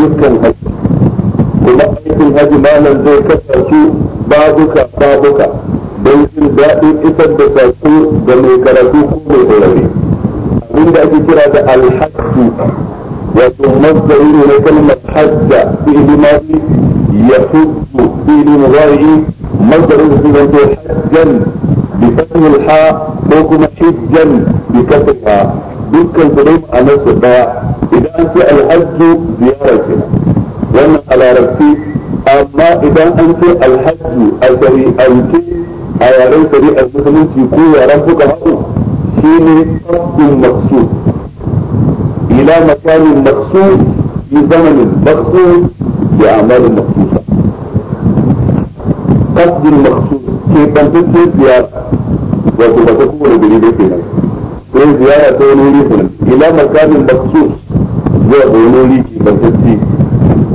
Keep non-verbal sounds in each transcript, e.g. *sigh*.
ayyukan haji kuma aikin haji malam zai kasance babuka babuka don jin daɗin isar da saƙo ga mai karatu ko mai saurari abinda ake kira da alhaji wato masdari ne na kalmar hajja fi limani ya hudu fi limani masdarin da sunan hajjan بفتح الحاء حكم حجا بكسرها dukkan su dai a nasu daya idan an ce alhajju ziyara kenan wannan a larabci amma idan an ce alhajju a shari'ance a yaren sari a musulunci ko yaren suka haɗu shi ne fasdin maksu ila makamin maksu fi zamanin maksu bi amalin maksusa fasdin maksu ke bantacce ziyara wato ba ta kowane gari da ke nan ko ziyara ta wani wuri fulan ila makamin maksus zuwa ga wani wuri bantacci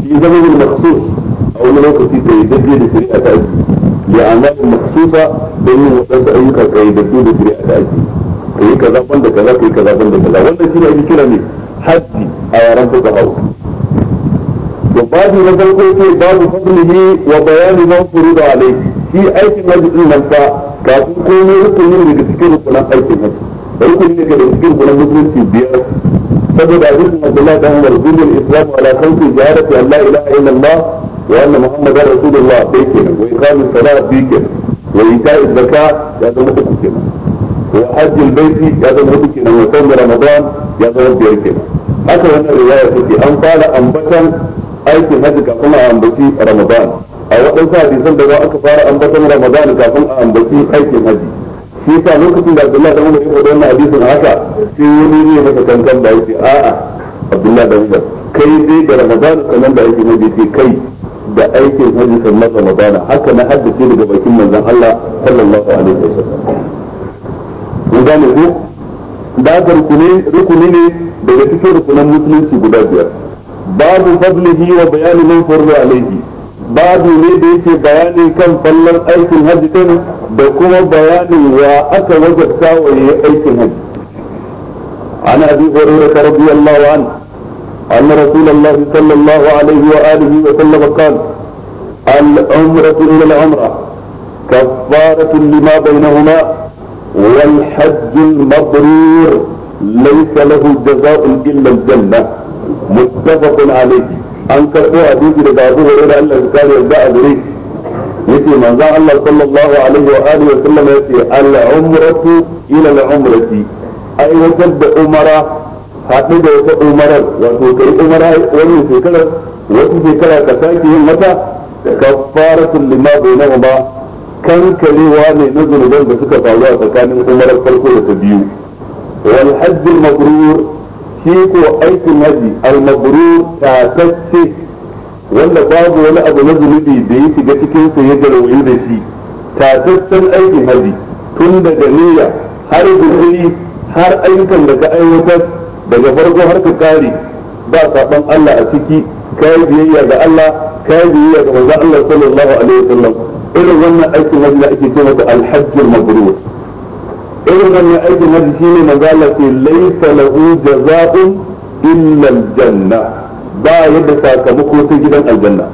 shi zama yin maksus a wani lokaci da ya dace da shari'a ta aiki ya amalin maksusa don yin waɗansu ayyuka ka yi dace da shari'a ta aiki ka yi kaza banda kaza ka yi kaza banda kaza wannan shi ne ake kira ne hajji a yaran ta zahau babu na farko sai babu fadlihi wa bayani ma furuda alai shi aikin hajji din nan fa kafin komai rukuni daga cikin rukunan aikin hajji rukun ne ga cikin gurin musulunci biyar saboda hadisin Abdullahi da Umar dinin Islam ala kanki jihadati Allah ilaha illallah wa anna Muhammadar Rasulullah bai kenan wa iqamis salat bi kenan wa ita'iz zakat ya zama uku kenan wa hajjul baiti ya zama uku kenan wa sawm ramadan ya zama biyar kenan haka wannan riwaya take an fara ambatan aikin hajji kafin a ambaci ramadan a waɗansu hadisan da za aka fara ambatan ramadan kafin a ambaci aikin hajji shi yasa lokacin da Abdullah da Umar ya faɗa wannan hadisin haka sai wani ne maka kankan da yake a'a Abdullah da Umar kai dai da Ramadan sanan da yake mai ce kai da aikin hajji sannan Ramadan haka na haddace daga bakin manzon Allah sallallahu alaihi wasallam kun gane ko da rukuni rukuni ne daga cikin rukunan musulunci guda biyar babu fadlihi wa bayani man farda alaihi babu ne da yake bayani kan fallar aikin hajji din da kuma bayani wa aka wajabta wa yi aikin hajji an abi hurairah radiyallahu anhu أن رسول الله صلى الله عليه وآله وسلم قال العمرة إلى العمرة كفارة لما بينهما والحج المبرور ليس له جزاء إلا الجنة متفق عليه an karɓo da daga Abu Hurairah Allah ya kare yarda a gare yace manzon Allah sallallahu alaihi wa alihi wa sallam yace Allah umratu ila al-umrati ai aiwatar da umara haɗu da wata umarar wato kai umara wannan shekarar wata shekara ka sake yin mata kafaratun lima bainahu bainahuma kankarewa ne na zunuban da suka faru a tsakanin umarar farko da ta biyu wal hajj al-mabrur tiko aikin haji al-mabrur tatacce wanda babu wani abu na zunubi da ya shiga cikin sa ya garwaye da shi tataccen aikin haji tun daga niyya har guzuri har ayyukan da ka aiwatar daga farko har ka kare ba saban Allah a ciki kai biyayya ga Allah kai biyayya ga manzon Allah sallallahu alaihi wasallam irin wannan aikin haji da ake cewa al-hajjul mabrur irin wannan aikin hajji shine manzo Allah ce laysa lahu jazaa'un illa aljanna ba yadda sakamako sai gidan aljanna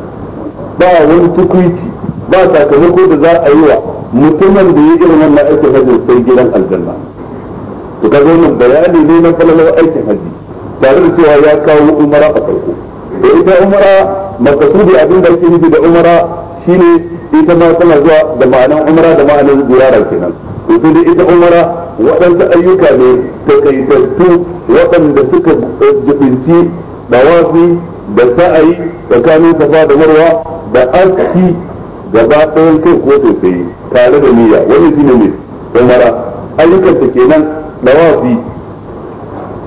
ba wani tukuici ba sakamako da za a yi wa mutumin da ya irin wannan aikin hajji sai gidan aljanna to kaga wannan bayani ne na falalar aikin hajji tare da cewa ya kawo umara a farko da ita umara makasudi abin da ake nufi da umara shine ita ma tana zuwa da ma'anar umara da ma'anan ziyara kenan to sai dai ita umara waɗanda ayyuka ne ta takaitattu waɗanda suka jibinci dawafi da sa'ayi tsakanin safa da marwa da aski gaba ɗayan kai ko sosai tare da niyya wani shine ne umara ayyukan ta kenan dawafi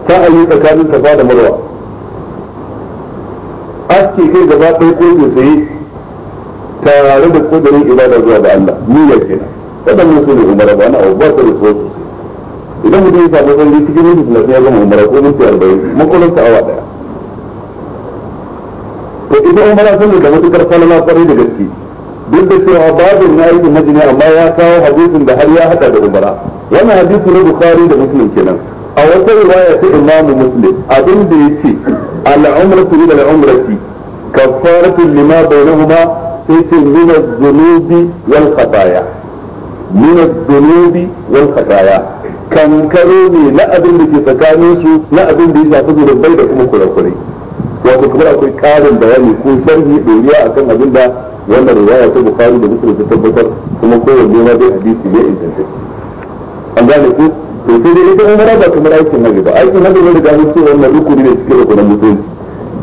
sa'ayi tsakanin safa da marwa aski kai gaba ɗaya ko sosai tare da kudurin ibada zuwa ga Allah niyya kenan waɗannan su ne umara ba na abu ba su da su idan mutum ya samu sarari cikin minti talatin ya zama umara ko minti arba'in makonan awa ɗaya to ita umara sun da matuƙar falala kwarai da gaske duk da cewa babin na yi majini amma ya kawo hadisin da har ya haɗa da umara wannan hadisi na bukari da muslim kenan a wata riwaya ta imamu muslim abin da ya ce al'umratu ila al'umrati kafaratun lima bainahuma sai ce min az-zunubi wal khataya min adh-dhunubi wal khataya kankaro ne na abin da ke tsakanin su na abin da ya shafi zunubai da kuma kurakurai wato kuma akwai karin bayani ko sharhi doriya akan abin da wannan riwaya ta bukhari da muslim ta tabbatar kuma kowanne ma dai hadisi ya inganta an gane ku sai dai ita umara ba kamar aikin nabi ba aikin nabi ne da gani cewa wannan rukuni ne cikin rukunin musulunci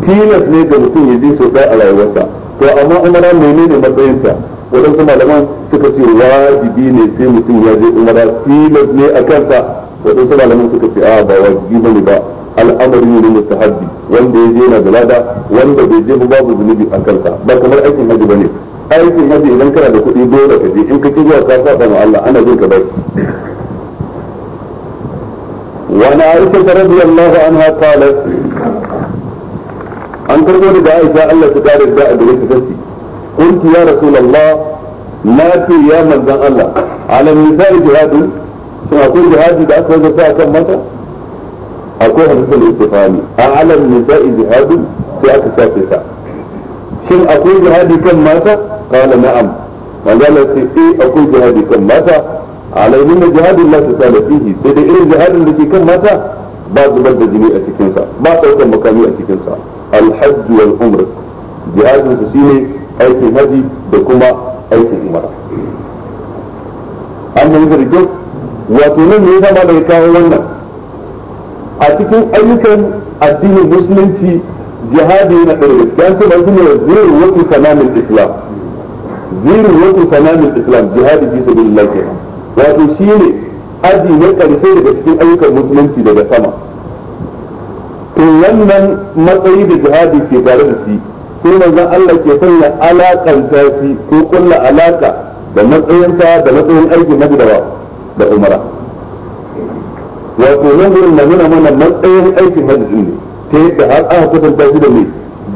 tilas ne ga mutum ya je sau ɗaya a rayuwarsa to amma umara menene matsayinsa waɗansu malaman suka ce wajibi ne sai mutum ya je umara tilas ne a kansa waɗansu malaman suka ce a ba wajibi ba ne ba al'amari ne mustahabbi wanda ya je na da lada wanda bai je babu zunubi a kansa ba kamar aikin haji ba ne aikin haji idan kana da kuɗi dole ka je in ka ci zuwa ka saba ma Allah ana jin ka bai وعن عائشة رضي الله عنها قالت أن تقول لعائشة ألا تدار الداء بغير تفسي قلت يا رسول الله ما في يا من ذن الله على النساء جهاد سنقول جهاد إذا أكبر جفاء كم متى أقول حديث الاستفهامي أعلى النساء جهاد في أكساتها shin akwai jihadi kan mata kala na'am manzala ce akwai jihadi kan mata alaimin na jihadin la ta sai da irin jihadin da ke kan mata ba zubar da jini a cikin ba daukar makami a cikin sa alhajj aikin haji da kuma aikin umara an yi zargi wato nan ne zama da kawo wannan a cikin ayyukan addinin musulunci jihadi yana ɗaya da gaskiya sai ba su ne zirin wasu sanamin islam zirin wasu sanamin islam jihadi fi sabilillah kenan wato shi ne aji na ƙarshe daga cikin ayyukan musulunci daga sama to wannan matsayi da jihadi ke tare da shi sai manzon Allah ke sanya alakanta shi ko kulla alaka da matsayinsa da matsayin aikin na gudawa da umara wato nan in na nuna mana matsayin aikin hajji din ne ta yadda har aka kwatanta shi da mai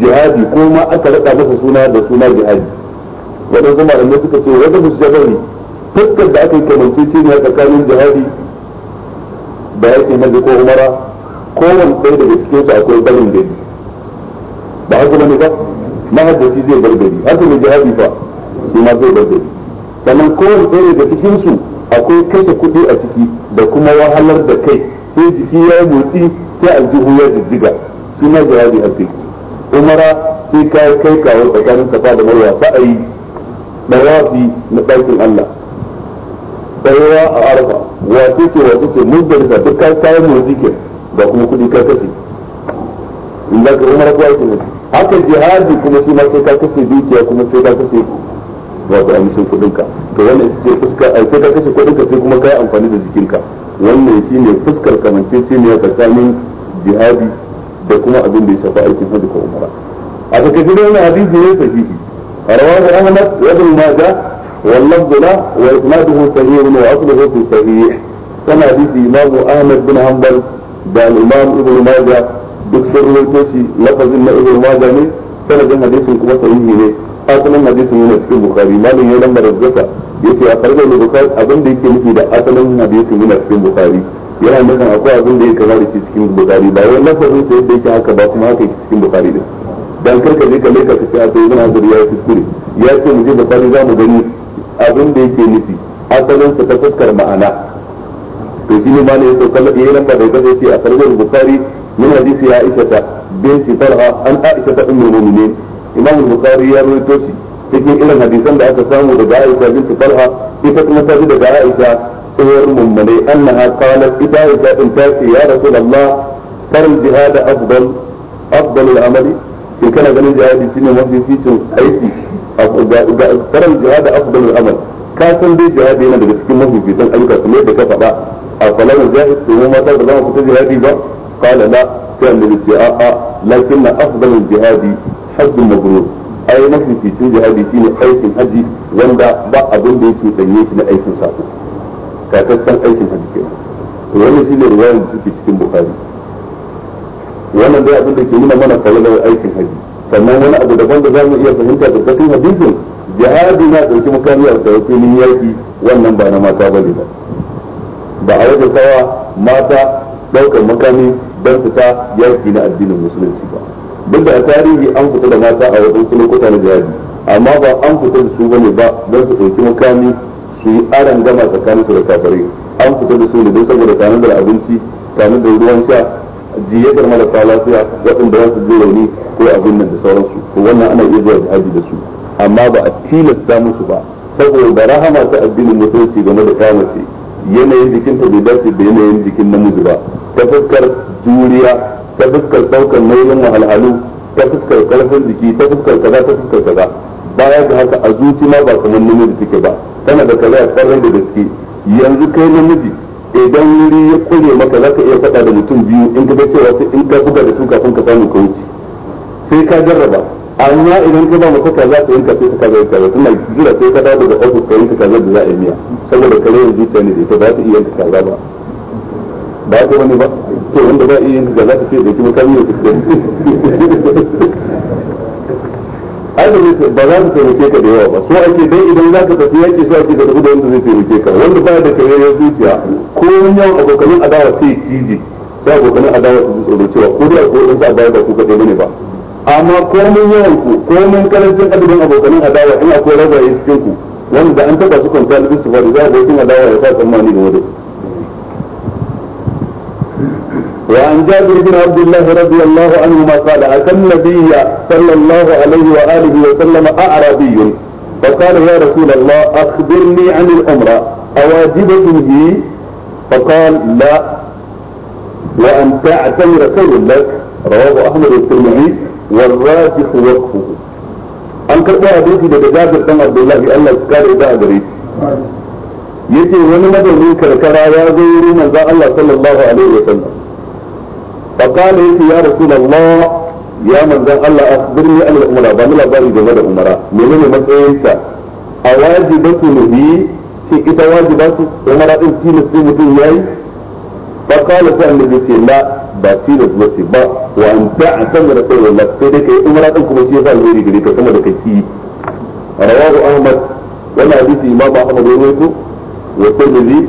jihadi ko ma aka rada masa suna da suna jihadi waɗansu malamai suka ce wanda musu jabari fuskar da aka yi kamance ce ne tsakanin jihadi da aikin hajji ko umara kowane ɗaya daga cikinsu akwai barin gari ba haka bane ba mahaddaci zai bar gari har da jihadi fa shi ma zai bar gari sannan kowane ɗaya daga cikin su akwai kashe kuɗi a ciki da kuma wahalar da kai sai jiki ya yi motsi sai aljihu ya jijjiga shi ma jihadi a ciki umara sai ka kai kawo tsakanin safa da marwa sa'ayi dawafi na ɗakin Allah tsayawa a arafa wato ce wato ce muzdalifa duk ka kayan motsi ke ba kuma kuɗi ka kashe in za ka umara ko aikin haka jihadi kuma shi ma sai ka kashe dukiya kuma sai ka kashe wato ainihin kuɗinka to wannan ita ce fuskar ai sai ka kashe kuɗinka sai kuma ka yi amfani da jikinka wannan shi ne fuskar kamanceceniya tsakanin jihadi da kuma abin da ya shafi aikin hajji ko umara a takaice da wannan hadisi ne sahihi rawahu ahmad wa ibn majah wal lafdula wa isnaduhu sahih wa asluhu fi sahih kana hadisi imam ahmad bin hanbal da al imam ibn majah duk sun ruwan toshi lafazin na ibn majah ne sanadin hadisin kuma sahihi ne asalin hadisin yana cikin bukhari malin ya lambar zaka yace a farko ne bukari abin da yake nufi da asalin hadisin yana cikin bukari yana nufin akwai abin da yake kama da shi cikin bukari ba wai lafazin sa yadda yake haka ba kuma haka yake cikin bukari din dan karka je ka leka ka ce a to ibn azur ya fi kure ya ce mu je bukari za mu gani abin da yake nufi asalin sa ta fuskar ma'ana to shi ne malin ya sauka ya lambar da zaka yace a farko bukari من حديث عائشة بنت طلحة عن عائشة أم المؤمنين إمام البخاري يا روي توشي cikin irin hadisan da aka samu daga Aisha binti Talha ita kuma ta ji daga Aisha uwar mummune annaha qalat ita Aisha din ta ce ya Rasulullah farin jihad afdal al-amali shi kana ganin jihadi shine mafi fitin aiki farin jihad afdal al-amal ka san dai jihadi yana daga cikin mafi fitin ayyuka kamar yadda ka faɗa a falar jihad to mu ma fita jihadi ba قال لا كان للدعاء لكن أفضل الجهاد حج مبرور أي نفسي في شو جهادي شيء أيك الحج وندا با أبن بيتي تنيش لأيك ساقو كاتستان أيك الحج كيما وانا شيء رواية في cikin Bukhari wannan dai abin da ke nuna mana falalar aikin haji sannan wani abu daban da zamu iya fahimta da cikin hadisin jihadi na dauki makami a tsarkin yaki wannan ba na mata ba ba a wajen kawa mata daukar makami don fita yaki na addinin musulunci ba duk da a tarihi an fita da mata a waɗansu lokuta na jihadi amma ba an fita da su bane ba don su ɗauki makami su yi aran gama tsakaninsu da kafare an fita da su ne don saboda kanin da abinci kanin da ruwan sha jiyatar marasa lafiya waɗanda za su ji rauni ko abin nan da sauransu ko wannan ana iya zuwa jihadi da su amma ba a tilasta musu ba saboda rahama ta addinin musulunci game da kamace yanayin jikinta bai dace da yanayin jikin namiji ba ta fuskar juriya ta fuskar daukar nauyin wahalhalu ta fuskar karfin jiki ta fuskar kaza ta fuskar kaza baya ga haka a zuci ma ba kamar namiji take ba tana da kaza a tsarin da gaske yanzu kai namiji idan wuri ya kure maka za ka iya faɗa da mutum biyu in ka cewa sai in ka buga da su kafin ka samu ka wuce sai ka jarraba amma idan ka ba mu saka za ka yanka sai ka kaza kaza tunda jira sai ka dawo daga ofis ka yanka kaza da za a yi miya saboda kare yin zuciya ne da ita ba ta iya yanka kaza ba ba ta wani ba to wanda ba iya yanka kaza ka ce da kuma kamiyo ka ce azumi ba za su taimake ka da yawa ba so ake dai idan za ka tafi yaki so ake ka tafi da wanda zai taimake ka wanda ba da kare ya zuciya ko yawan abokanin adawa sai cije sai abokanin adawa su tsoro cewa ko da ko dan sa adawa ba ku kadai bane ba amma komin yawan ku komin karancin adadin abokanin adawa in akwai rabaye cikin ku wanda an taba su kwanta da su faru za a abokin adawa ya sa tsammani game da وعن جابر بن عبد الله رضي الله عنهما قال أتى النبي صلى الله عليه وآله وسلم أعرابي فقال يا رسول الله أخبرني عن العمرة أواجبة هي فقال لا وأن تعتمر خير لك رواه أحمد الترمذي والراجح وقفه an karɓo abinci daga Jabir dan Abdullahi Allah su kare da gare shi yace wani madaurin karkara ya zo wurin manzon Allah sallallahu alaihi wa sallam fa qala yace ya rasulullah ya manzon Allah akhbirni an al-umara ba mu labari game da umara menene matsayinta a wajibatu nabi shi ita wajibatu umara din tilas mutum yayi fa qala sai annabi ce la ba da ba ce ba wa an ta a san da kai wallahi sai dai kai umara din kuma shi yasa alheri gare ka sama da kaki rawahu ahmad wannan hadisi imam ahmad ya rawaito wa tirmidhi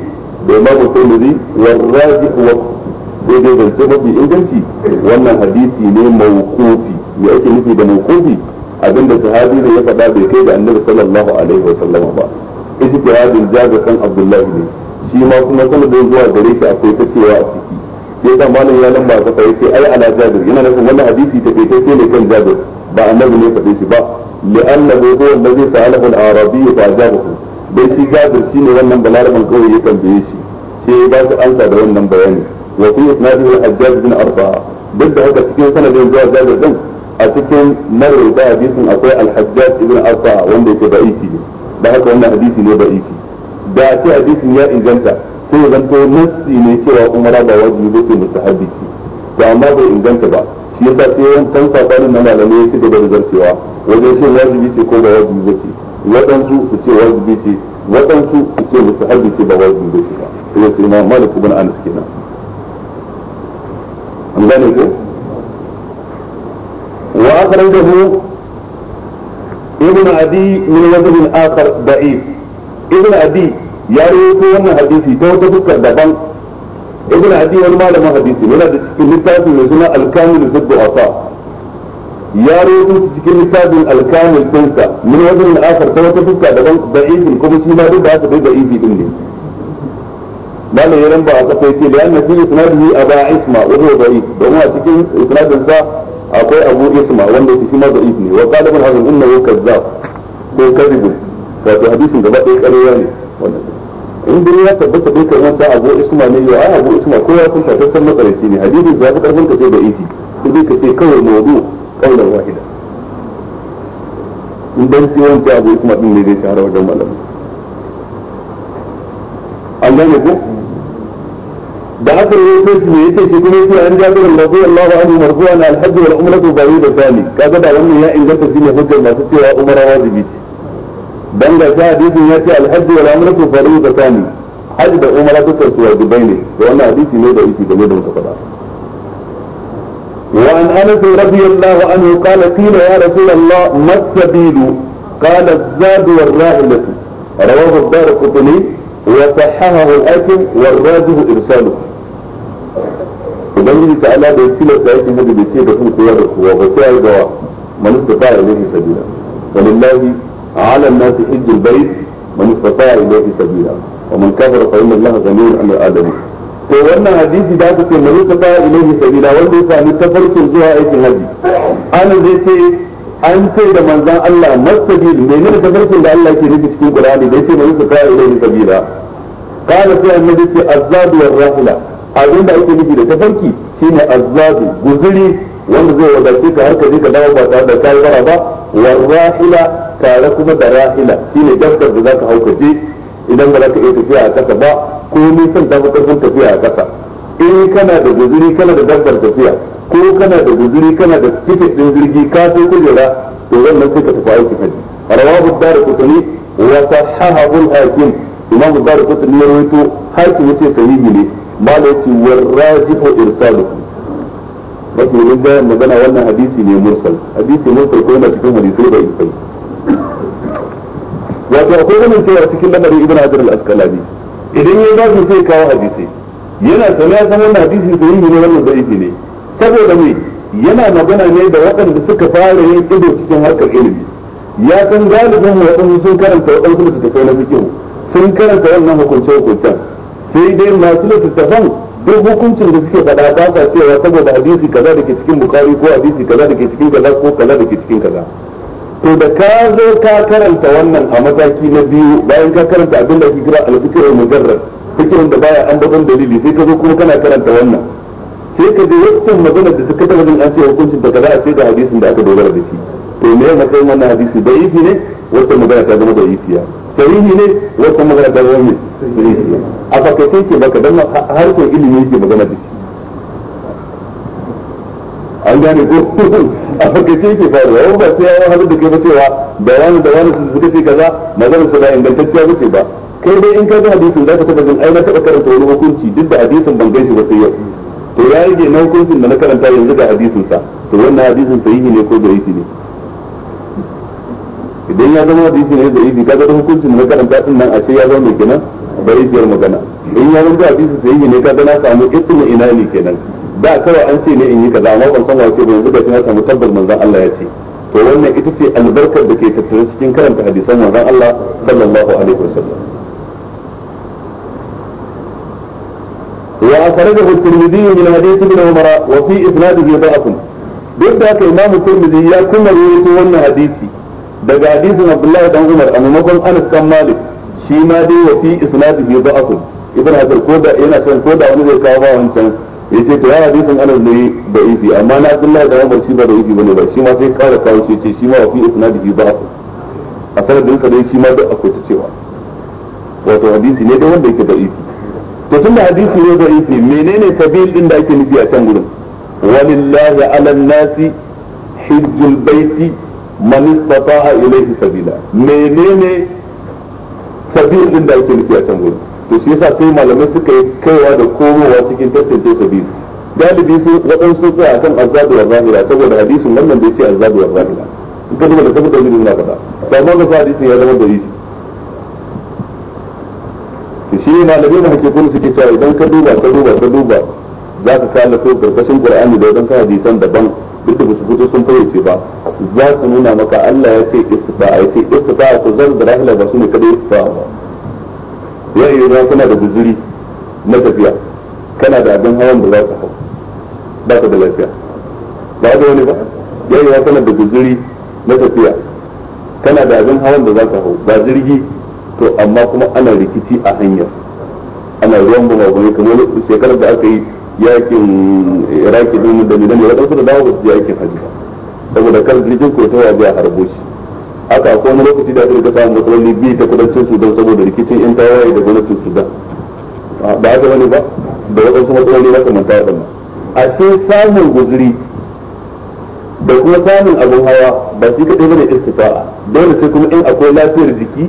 da imam tirmidhi wa raji wa daidai da ce mafi inganci wannan hadisi ne mawqufi me ake nufi da mawqufi abinda sahabi ne ya faɗa bai kai da annabi sallallahu alaihi wa sallama ba ijtihadin jabir kan abdullahi ne shi ma kuma sanadin zuwa gare shi akwai ta cewa a ciki sai da malam ya lamba ka sai sai ai ala jabir yana nufin wannan hadisi ta kai sai ne kan jabir ba annabi ne faɗe shi ba li'annahu huwa allazi sa'alahu al-arabi fa ajabahu dan shi jabir shine wannan balarabin kawai ya tambaye shi sai ba su ansa da wannan bayani wa fi isnadihi al-hajjaj bin arba'a duk da haka cikin sanadin zuwa jabir din a cikin marwaita hadisin akwai al-hajjaj ibn arba'a wanda yake da'iki ne da haka wannan hadisi ne da'iki da sai hadisin ya inganta sai ya zanto nassi ne cewa umara ba wajibi ba ce mustahabi ce to amma bai inganta ba shi yasa sai yan san sabanin na malamai ya ci gaba da zarcewa wajen shin wajibi ce ko ba wajibi ba ce waɗansu su ce wajibi ce waɗansu su ce mustahabi ce ba wajibi ba ce ba to yace imam malik ibn anas kenan an gane ko wa akhrajahu ابن عدي من وجه آخر ضعيف ابن عدي ya rawaito wannan hadisi ta wata fuskar daban ibn hadi wani malamin hadisi yana da cikin littafin mai suna al-kamil fi du'afa ya rawaito cikin littafin al-kamil sunsa min wajen al-akhar ta wata fuska daban da da'ifin kuma shi ma duk da haka dai da'ifi din ne malam ya ramba a kafa yace da yana cikin a aba isma wa huwa da'if domin a cikin isnadin sa akwai abu isma wanda yake shi ma da da'if ne wa qala ibn hazm innahu kazzab ko kadhib wato hadisin gaba ɗaya ƙarya ne wannan in dai ya tabbata bai kai wanda abu isma ne ya ai abu isma ko ya kun tataccen matsalaci ne hadisi ya fi karfin ka ce da isi ko dai ka ce kawai mawdu kaulan wahida in dan sai wanda abu isma din ne zai shahara wajen malami an gane ko da aka yi ko shi yake shi kuma yake an ja bin rabbi Allahu anhu marfu'an al-hajj wal umratu ba'ida thani kaga da wannan ya inganta shine hujjar masu cewa umara wajibi ce dan da ta hadisi ya ce alhaji wal umratu fariidatan hajji da umara dukkan su wajibai ne da wannan hadisi ne da yake game da muka faɗa وعن انس رضي الله عنه قال قيل يا رسول الله ما السبيل قال الزاد والراحلة رواه الدار قطني وصححه الحاكم والراجح ارساله ubangiji ta ala da ya tilasta yake hajji da ce da kuma kowa da kowa ba sai ga man istata ilayhi sabila walillahi على الناس حج البيت من استطاع اليه سبيلا ومن كفر فان الله غني عن العالمين to wannan hadisi da aka ce mai tafa ilaihi sabila wanda ya sami tafarkin zuwa aikin haji an zai ce an ce da manzan Allah masabil menene tafarkin da Allah ke nufi cikin Qur'ani da yake mai tafa ilaihi sabila kana sai annabi ce azzadu warahla abin da ake nufi da tafarki shine azabu guzuri wanda zai wadace ka har ka je ka dawo ba tare da kai bara ba warahila tare kuma da rahila shine dabbar da zaka hau kaje idan ba za ka iya tafiya a kasa ba ko nisan ta fi karfin tafiya a kasa in kana da guzuri kana da dabbar tafiya ko kana da guzuri kana da tiket din jirgi ka sai kujera to wannan sai ka tafi aiki haji rawahu darqutni wa sahahahu al-hakim imam darqutni ya rawaito hakim yace sahihi ne malaki warrajihu irsaluhu mafi rinjayen magana wannan hadisi ne mursal hadisi mursal ko yana cikin hadisai da isai wato akwai ganin cewa cikin lamarin ibn hajar al-asqalani idan ya zafi sai kawo hadisi yana sani ya san wannan hadisi da yin ne wannan da'ifi ne saboda me yana magana ne da waɗanda suka fara yin ido cikin harkar ilimi ya san galibin waɗansu sun karanta waɗansu littattafai na fikihu sun karanta wannan hukunce hukuncen sai dai masu littattafan duk hukuncin da suke faɗa ba sa cewa saboda hadisi kaza dake cikin bukari ko hadisi kaza dake cikin kaza ko kaza dake cikin kaza to da ka zo ka karanta wannan a mataki na biyu bayan ka karanta abin da ake kira al-fikrul mujarrad fikirin da baya an babban dalili sai ka zo kuma kana karanta wannan sai ka je yakin magana da suka taba jin an ce hukuncin da kaza a ce da hadisin da aka dogara da shi to me matsayin wannan hadisi da yifi ne wata magana ta zama da yifiya sahihi ne wata magana ta zama da yifiya a fakaice ke baka dan harkar ilimi yake magana da shi an gane ko *laughs* a farkace yake faruwa yau ba sai ya hadu da kai ba cewa da wani da wani su suka ce kaza magana su da ingantacciya ba ce ba kai dai in ka ga hadisin za ka taɓa jin ai na taɓa karanta wani hukunci duk da hadisin ban gaishe ba sai yau to ya yi na hukuncin da na karanta yanzu ga hadisin sa to wannan hadisin sahihi ne ko da'ifi ne idan ya zama hadisi ne da'ifi kaga da hukuncin da na karanta din nan ce ya zama mai kenan biyar magana in ya zama hadisi sahihi ne kaga na samu ina ne kenan da kawai an ce ne in yi kaza amma ban san wace ba yanzu ga shi na samu tabbar manzon Allah ya ce to wannan ita ce albarkar da ke tattare cikin karanta hadisan manzon Allah sallallahu alaihi wasallam وأخرجه الترمذي من حديث ابن عمر وفي إسناده ضعف duk da haka imam turmizi ya kuma rawaito wannan hadisi daga hadisin abdullahi dan umar a maimakon anas dan malik shi ma dai wa fi isnadihi da'afun ibn hajar ko da yana son ko da wani zai kawo ba wancan yace to ya hadisin anas ne da izi amma na Abdullah da Umar shi ba da izi bane ba shi ma sai kara kawo shi ce shi ma fi da ba a sanadin ka dai shi ma duk akwai ta cewa wato hadisi ne dai wanda yake da izi to tunda hadisi ne da izi menene sabil din da ake nufi a can gurin walillahi ala nasi hijjul baiti man istata'a ilayhi sabila menene sabil din da ake nufi a can gurin to shi yasa sai malamai suka yi kaiwa da komowa cikin tantance biyu galibi su waɗansu tsaya akan azabu wa zahira saboda hadisin wannan bai yake azabu wa zahira in ka duba da saboda dalilin na faɗa ba ma ga hadisin ya zama dalili to shi malamai na kullu suke cewa idan ka duba ka duba ka duba za ka kalla ko karkashin qur'ani da ka hadisan daban duk da su fito sun fayyace ba za su nuna maka Allah ya ce istifa'a a ce istifa'a ku zan da rahila ba su ne kada istifa'a ba ya yi zama kuna da jijiri na tafiya kana da abin hawan da za ka hau ba ka da lafiya ba ka wani ba ya yi kana da jijiri na tafiya kana da abin hawan da za ka hau ba jirgi to amma kuma ana rikici a hanya ana ruwan ne kamar shekarar da aka yi yakin iraki din da ne da ne da dawo ba su yakin hajji saboda kar jirgin ko ta waje a harbushi haka ko wani lokaci da aka samun matsaloli biyu ta kudancin sudan saboda rikicin yan tawaye da gwamnatin sudan ah, ba haka wani ba da waɗansu matsaloli ba kamar tawaye ɗan a ce samun guzuri da kuma samun abin hawa ba shi kaɗai bane istifa'a dole sai kuma in akwai lafiyar jiki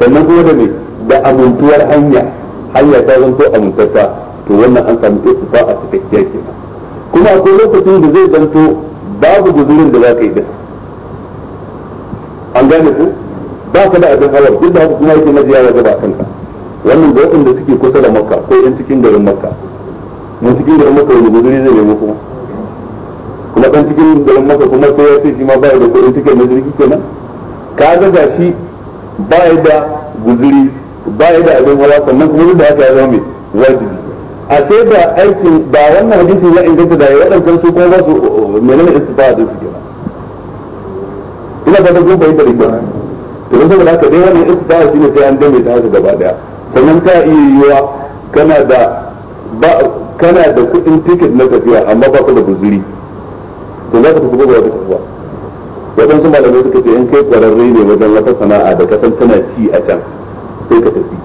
sannan kuma da me da amintuwar hanya hanya ta zanto amintarta to wannan an samu istifa'a cikakkiya kenan kuma akwai lokacin da zai zanto babu guzurin da za ka yi da an gane ku ba ka da abin hawar duk da haka kuma yake na jiya waje ba wannan ga wadanda suke kusa da makka ko yan cikin garin makka mun cikin garin makka wani guduri zai nemo kuma kuma ɗan cikin garin makka kuma sai ya ce shi ma ba da kuɗin cikin na jirgi kenan ka ga ga shi ba da guduri ba da abin hawa sannan kuma da haka ya zama mai wajibi a sai da aikin ba wannan hadisi ya inganta da ya waɗancan su kuma ba su menene istifa da su kenan ina ga kun fahimta da kyau to don saboda haka dai wannan istifa shi ne sai an dame ta haka gaba daya sannan ta iya yiwuwa kana da ba kana da kuɗin tiket na tafiya amma ba ka da guzuri to za ka tafi da tafiya waɗansu malamai suka ce in kai ƙwararre ne wajen wata sana'a da kasan tana ci a can sai ka tafi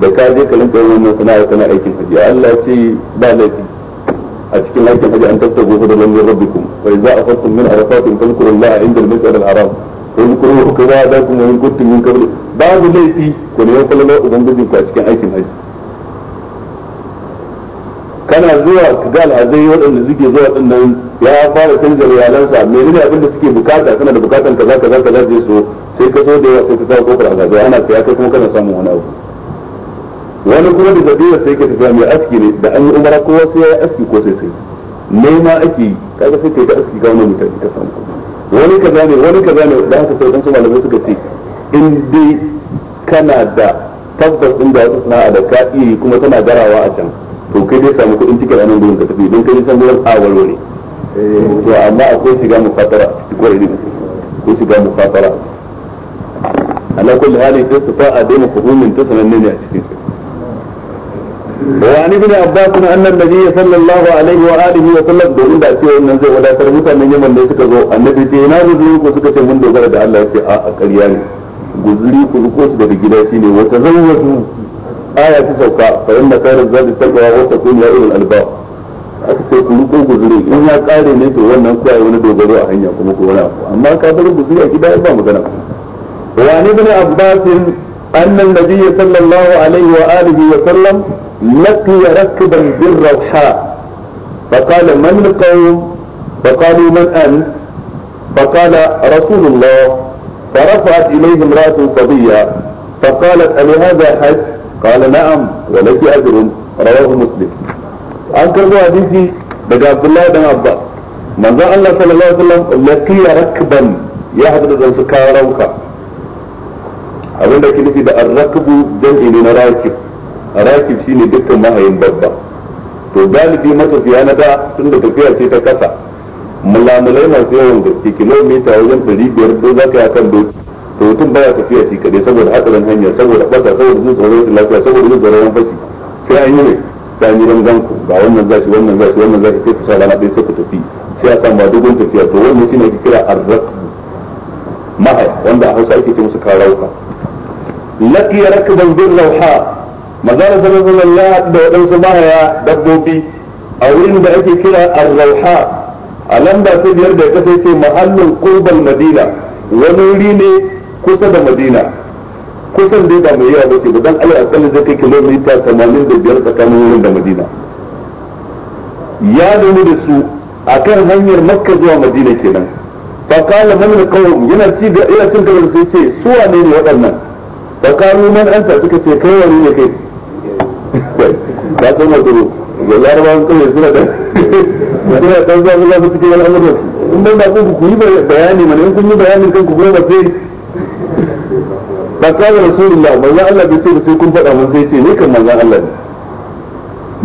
da ka je ka linka wannan sana'a kana aikin haji Allah ce ba laifi a cikin aikin haji an tattabo fa da lamin rabbikum fa idza afattum min arafatin fadhkurullaha inda al-masjid al-haram fadhkuruhu kama hadakum wa in kuntum min qabl babu laifi ku ne kallon ubangijin ku a cikin aikin haji kana zuwa ka ga alhazai waɗanda suke zuwa din nan ya fara canza iyalansa menene abin da suke bukata suna da bukatan kaza kaza kaza zai so sai ka so da yawa sai ka sa kofar alhazai kai kuma kana samun wani abu wani kuma da zabira sai ke tafiya mai aski ne da an yi umara ko wasu ya yi aski ko sai sai nema ake yi kaga sai kai da aski ga wani mutane ka samu wani ka ne wani ka ne da haka sai dan su malamai suka ce in dai kana da tabbas din da wasu sana'a da ka kuma tana garawa a can to kai dai samu kuɗin cikin anan gurin ka tafi don kai san gurin awalo ne to amma akwai shiga mufatara ko irin ko shiga mufatara ala kulli hali sai su fa'a daina fahimin ta sananne ne a cikin su وعن ابن عباس ان النبي صلى الله عليه واله وسلم domin da ce wannan zai wadatar mutanen Yaman da suka zo annabi ce na guzuri ko suka ce mun dogara da Allah ce a kariya ne guzuri ku zuko su daga gida shine wa tazawwaju aya ta sauka fa inna khairu zadi taqwa wa takun ya ulul albab aka ce ku ruko guzuri in ya kare ne to wannan ku wani dogaro a hanya kuma ku wani amma ka bar guzuri a gida ba magana wa ibn abbas أن النبي صلى الله عليه وآله وسلم لقي ركبا بالروحاء فقال من القوم فقالوا من أنت فقال رسول الله فرفعت إليه امرأة صبية فقالت ألهذا حج قال نعم ولك أجر رواه مسلم أنكر حديثي بقى عبد الله بن manzon من sallallahu alaihi صلى الله عليه وسلم لقي ركبا su kawo روحا abin da ke nufi da arrakabu jam'i ne na rakib rakib shi ne dukkan mahayin babba to galibi matafiya na da tun da tafiya ce ta kasa mulamulai masu yawan gaske kilomita wajen tari biyar ko za ka yi akan doki to mutum baya tafiya shi kaɗai saboda hatsarin hanya saboda ɓata saboda jin tsoron rashin lafiya saboda jin tsoron fashi sai an yi ne ta yi rangan ku ba wannan zashi wannan zashi wannan zashi sai ku sa rana ɗaya sai ku tafi sai a samu dogon tafiya to wannan ne ake kira arrakbu mahai wanda a hausa ake ce musu karauka laqiya rakban bil lawha magana da manzon Allah da wadansu mahaya dabbobi a wurin da ake kira ar-rawha a lamba ta biyar da ya kasance mahallin qurbal madina wani wuri ne kusa da madina kusan dai ba mai yawa ba ce ba dan Allah akalla zai kai kilomita 85 tsakanin wurin da madina ya nemi da su a kan hanyar makka zuwa madina kenan fa qala man al yana yana cin gaba sai ce su wane ne waɗannan ba karu man ansa suka ce kai wani ne kai ka san wato da larabawan kawai suna da suna dan zafi su cikin al'amuran in ban da ku ku yi bayani mana in kun yi bayanin kan ku goma sai ba kawo rasulullah manzan Allah bai ce da sai kun faɗa mun sai ce ne kan manzan Allah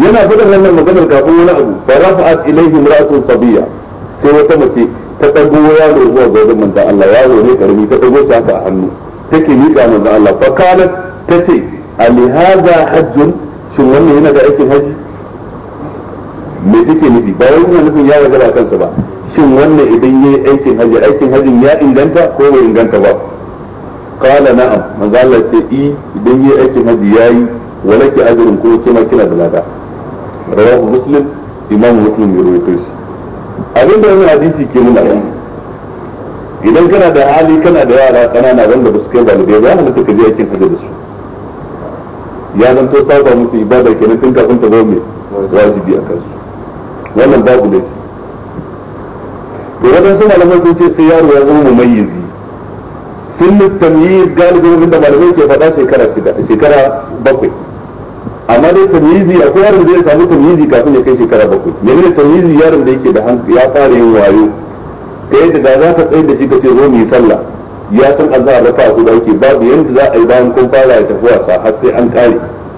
yana faɗin wannan maganar kafin wani abu fa rafa'at ilayhi imra'atun sabiyya sai wata mace ta ɗago yaro zuwa ga wajen Allah yaro ne karami ta ɗago shi a hannu take miƙa manzon Allah fa qalat tace alihaza hajjun shin wannan yana da aikin haji me take nufi ba wai yana nufin ya waje ba kansa ba shin wannan idan yayi aikin haji aikin hajin ya inganta ko bai inganta ba kala na'am manzo Allah ce i idan yayi aikin haji yayi walaki ajrun ko kina kina da lada rawahu muslim imam muslim ya rawaito shi abinda wannan hadisi ke nuna idan kana da hali kana da yara kanana wanda ba su kai dalibai ba halatta ka je aikin hajji da su ya zanto saba musu ibada kenan tun kafin ta zo mai wajibi a kansu wannan babu ne to wadansu malamai sun ce sai yaro ya zama mumayyizi sun tamyiz galibin abin da malamai ke faɗa shekara shekara bakwai amma dai tamyizi akwai yaron da ya samu tamyizi kafin ya kai shekara bakwai yanzu da tamyizi yaron da yake da ya fara yin wayo ta yadda da za ka tsaye da shi ka ce zo mu yi sallah ya san a rafa guda dauke babu yanda za a yi bayan kun fara ya tafi wasa har sai an kare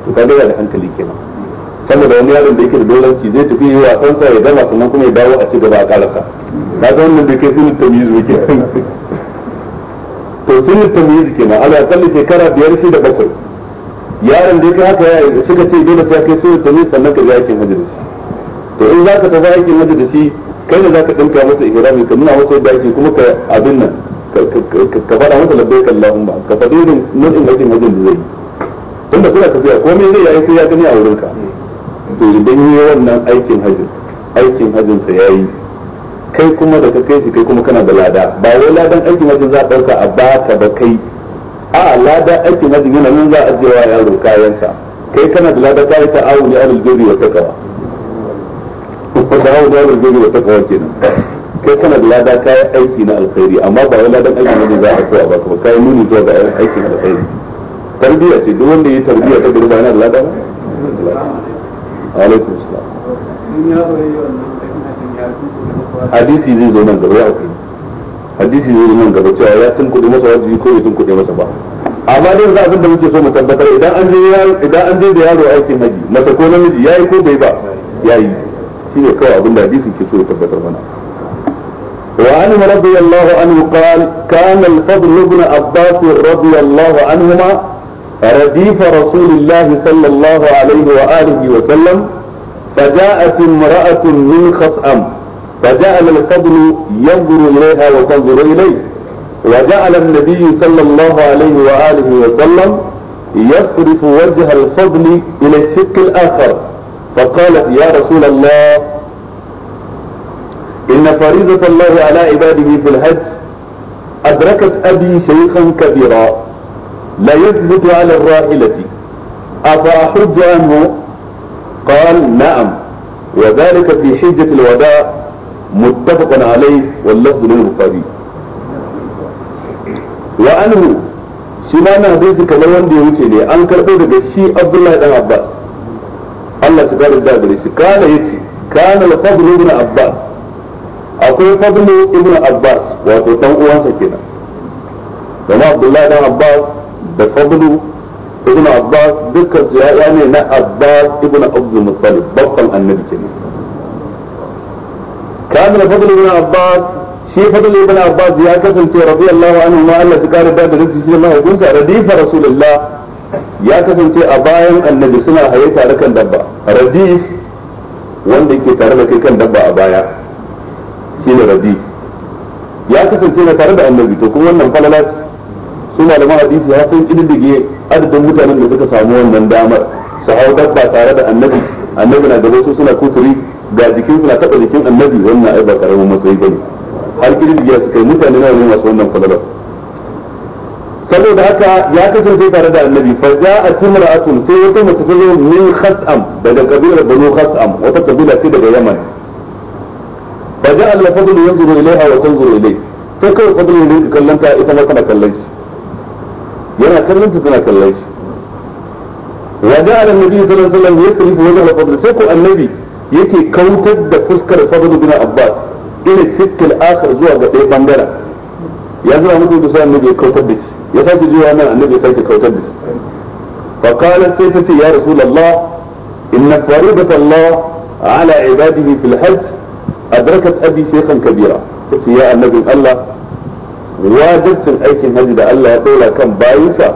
to ka daga da hankali kenan saboda wani yaron da yake da dolanci zai tafi yi wa sa ya gama sannan kuma ya dawo a ci gaba a karasa ka ga wannan da ke sunan tamyiz yake to sunan tamyiz kenan ala kalli shekara biyar shi da bakwai yaron da yake haka ya suka ce dole sai kai sunan tamyiz sannan ka ga yakin hajji to in za ka tafi yakin hajji da shi kai ne zaka dinka masa ihrami ka nuna masa yadda ake kuma ka abin nan ka faɗa masa labbaik Allahumma ka faɗi irin nau'in aikin hajjin da zai yi tunda kuna tafiya komai zai yayi sai ya gani a wurinka to idan yi wannan aikin hajjin aikin hajjin sa yayi kai kuma da ka kai shi kai kuma kana da lada ba wai ladan aikin hajjin za a ɗauka a baka ba kai a lada aikin hajjin yana nan za a ajiyewa yaro kayansa kai kana da lada kayan ta auni alal birri wa taqwa ko da hawo da zai ta takawa kenan kai kana da lada kayan aiki na alkhairi amma ba wai ladan aiki ne za a koya ba kuma kayan nuni zuwa ga aikin alkhairi tarbiyya ce duk wanda ya tarbiyya ta gurba yana da lada ba alaikum salam hadisi zai zo nan gaba ya ku hadisi zai zo nan gaba cewa ya tun kudi masa wajibi ko ya tun kudi masa ba amma dai za abin da muke so mu tabbatar idan an je da yaro aikin haji masa ko namiji ya yi ko bai ba ya yi. shi ne kawai abin da hadisin ke so ya tabbatar mana وعنه رضي الله عنه قال كان الفضل بن عباس رضي الله عنهما رديف رسول الله صلى الله عليه وآله وسلم فجاءت امرأة من خصأم فجعل الفضل ينظر إليها وتنظر إليه وجعل النبي صلى الله عليه وآله وسلم يصرف وجه الفضل إلى الشق الآخر فقالت يا رسول الله إن فريضة الله على عباده في الحج أدركت أبي شيخا كبيرا لا يثبت على الراحلة أفأحج عنه قال نعم وذلك في حجة الوداع متفق عليه واللفظ للبخاري وعنه وأنه ma na hadisi kamar wanda ya wuce ne بن عباس Allah shi kare da gare shi kana yace kana al-fadl ibn abbas akwai fadl ibn abbas wato dan uwansa kenan kuma abdullahi dan abbas da fadl ibn abbas dukkan su ya ne na abbas ibn abdul muttalib babban annabi kenan kana al-fadl ibn abbas shi fadl ibn abbas ya kasance radiyallahu anhu ma Allah shi kare da gare shi shi ma hukunta radifa rasulullah ya kasance a bayan annabi suna haye tare kan dabba radi wanda yake tare da kai kan dabba a baya shine radi ya kasance na tare da annabi to kuma wannan falalat su malaman hadisi ya san kididdige adadin mutanen da suka samu wannan damar su hau dabba tare da annabi annabi na gaba su suna kuturi ga jikin suna taba jikin annabi wannan ai ba karamin matsayi bane har kididdige su kai mutane na masu wannan falalat saboda haka ya kasance tare da annabi fa ja ja'a timra'atun sai wata mace ta zo min khas'am daga kabilar banu khas'am wata kabila ce daga yaman fa ja al-fadl yanzuru ilaiha wa tanzuru ilai sai kai fadl ne ka kallon ta ita ma kana kallon shi yana kallon ta tana kallon shi wa ja al nabi sallallahu alaihi wasallam yakrifu wajha fadl sai ko annabi yake kautar da fuskar fadl bin abbas ila shirkil akhar zuwa ga ɗaya bangaren ya zuwa mutum da sai annabi ya kautar da shi ya sake jiwa nan annabi ya sake kautar da shi fa qalat sai ta ce ya rasulullah inna faridata Allah ala ibadihi fil hajj adrakat abi shaykhan kabira sai ya annabin Allah wajibcin aikin hajji da Allah ya daura kan bayinsa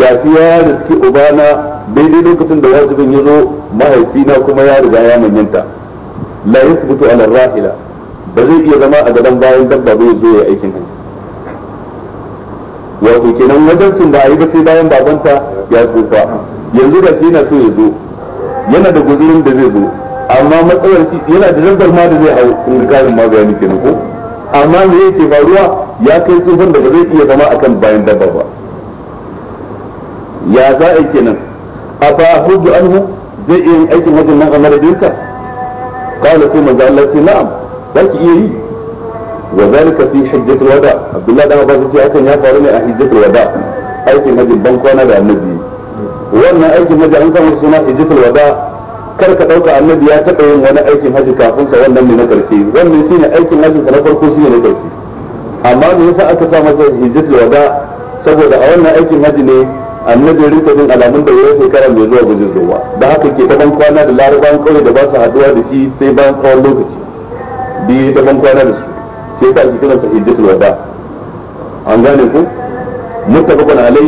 gashi ya riski ubana daidai lokacin da wajibin ya zo mahaifina kuma ya riga ya manyanta la yasbutu ala rahila ba zai iya zama a gaban bayan dabba bai zo ya aikin haji wato kenan wajen da a yi sai bayan babanta ya tsufa yanzu da shi yana so ya zo yana da guzurin da zai zo amma matsalar shi yana da zanzar ma da zai hau in ga karin ma kenan ko amma me yake faruwa ya kai tsufan da ba zai iya zama akan bayan dabba ba ya za a kenan a ba hujju anhu zai iya yin aikin wajen nan a madadinka kawai sai manzo Allah ce na'am za ki iya yi wa zalika fi hajjatul wada abdullahi dan abbas yace hakan ya faru ne a hajjatul wada aikin hajjin ban kwana da annabi wannan aikin hajji an kama suna hajjatul wada kar ka dauka annabi ya taɓa yin wani aikin hajji kafin sa wannan ne na karshe wannan shine aikin hajji na farko shine na karshe amma me yasa aka sa masa hajjatul wada saboda a wannan aikin hajji ne annabi rika jin alamun da yayi shekara mai zuwa gujin ba. da haka ke ta ban kwana da larabawan kauye da ba haduwa da shi sai bayan lokaci biyu ta da sai da ake kiransa hijjatul wada an gane ku muttafaqun alai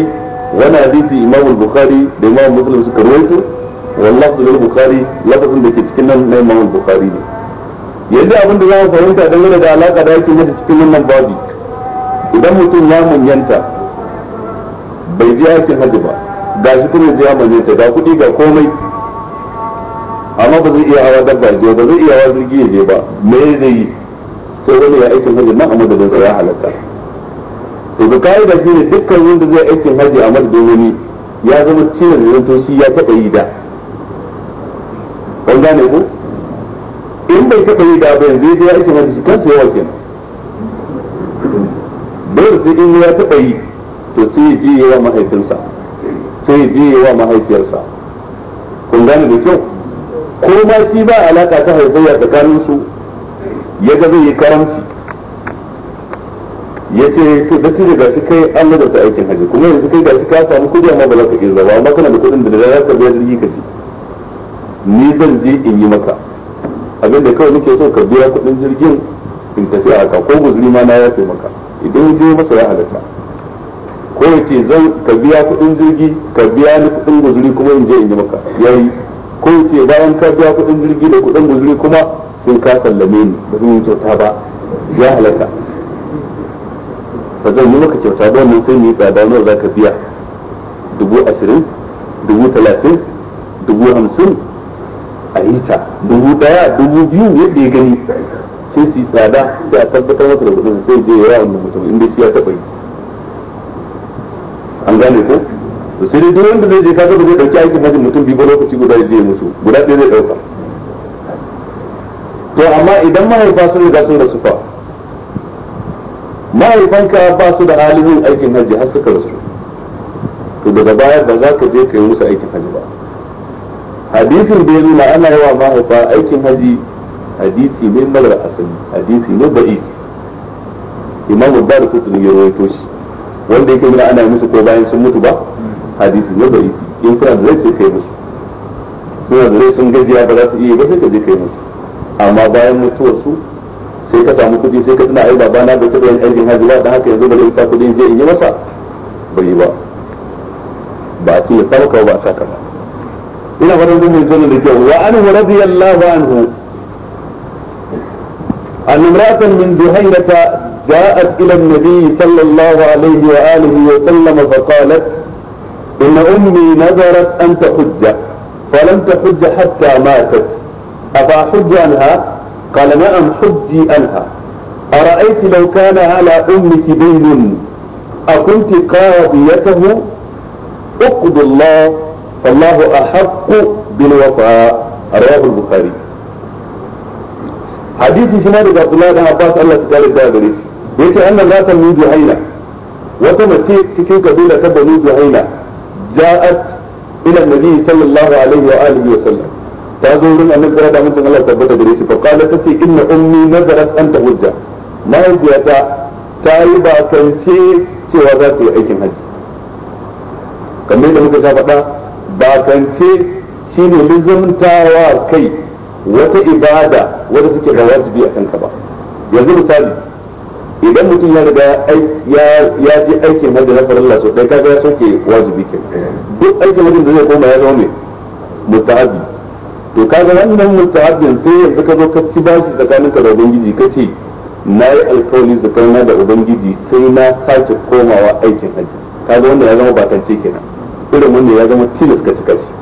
wani hadisi imam al-bukhari da imam muslim suka rawaito wallahu lil bukhari lafazin da ke cikin nan na imam al-bukhari ne yanzu abin da za mu fahimta dangane da alaka da yake mata cikin wannan babu idan mutum ya munyanta bai ji aikin hajji ba ga shi kuma ya munyanta ga kuɗi ga komai amma ba zai iya hawa dabba je ba zai iya hawa jirgi ya je ba me zai yi sai wani ya aikin hajji na a madadin sa ya halatta to ga kaida shine dukkan wanda zai aikin hajji a madadin wani ya zama ciwon da zanto shi ya taɓa yi da an gane ku in bai taɓa yi da ba zai je aikin hajji kan su yawa kenan dole sai in ya taɓa yi to sai ya yawa mahaifinsa sai ya je yawa mahaifiyarsa kun gane da kyau ko ma shi ba alaka ta haifayya tsakanin su ya ga zai yi karamci ya ce to da ga gashi kai an da ta aikin haji kuma yanzu kai gashi ka samu kudi amma ba za ka iya zaba amma kana da kudin da za ka biya jirgi ka ji ni zan je in yi maka abin da kawai nake so ka biya kudin jirgin in tafi a haka ko guzuri ma na ya fi maka idan ya je masa ya halatta ko ya ce zan ka biya kudin jirgi ka biya ni kudin guzuri kuma in je in yi maka yayi ko ya ce bayan ka biya kudin jirgi da kudin guzuri kuma sun ka sallame ni ba zan yi kyauta ba ya halaka ba zan yi maka kyauta ba mun sai ni tsada nawa za ka biya dubu ashirin dubu talatin dubu hamsin a yi ta dubu daya dubu biyu yadda ya gani sai su yi tsada sai a tabbatar masa da kudin sai je ya da mutum inda shi ya taɓa yi an gane ko to sai dai duk wanda zai je kaga ba zai dauki aikin hajji mutum biyu ba lokaci guda ya je musu guda ɗaya zai ɗauka to amma idan mahaifa sun riga sun rasu fa mahaifanka ba su da halin aikin hajji har suka rasu to daga baya ba za ka je ka yi musu aikin hajji ba hadisin da ya nuna ana yawa mahaifa aikin hajji hadisi ne marar asali hadisi ne ba'i imam da kutuni ya rawaito shi wanda yake nuna ana musu ko bayan sun mutu ba hadisi ne ba'i in kuna da zai ce kai musu suna da zai sun gajiya ba za su iya ba sai ka je kai musu amma bayan mutuwar su sai ka samu kudi sai ka tuna ai babana bai taɓa yin aikin haji ba da haka yanzu bari in sa kuɗin je in yi masa bai yi ba ba a ce ya sauka ba a saka ba ina fatan zai mai zonar da kyau wa an anhu radiyallahu anhu أن امرأة من بحيرة جاءت إلى النبي صلى الله عليه وآله وسلم فقالت إن أمي نذرت أن تحج فلم تحج حتى ماتت أفأحج عنها قال نعم حجي عنها أرأيت لو كان على أمك دين أكنت قاضيته اقض الله فالله أحق بالوفاء رواه البخاري حديث شمال عبد الله بن عباس الله تعالى الدابريس يأتي أن ذات من جهينة وتم تكون قبيلة بني جهينة جاءت إلى النبي صلى الله عليه وآله وسلم ta zo wurin annabi kira da mutum Allah tabbata gare shi fa qala ce inna ummi nazarat an tahujja mahaifiyata ta yi ba kance cewa za ta yi aikin hajji kamar da muka sha faɗa ba kance shine lizumtawa kai wata ibada wadda take da wajibi a kanka ba yanzu misali idan mutum ya riga ya je aikin hajji na farin laso ɗaya kaga ya soke wajibi kai duk aikin hajji da zai koma ya zama mai mustahabi to kaga wannan mustahabbin sai yanzu ka zo ka ci bashi tsakanin ka da ubangiji ka ce na yi alkawali na da ubangiji sai na sake komawa aikin hajji kaga wanda ya zama batance kenan irin wanda ya zama tilas ka cika shi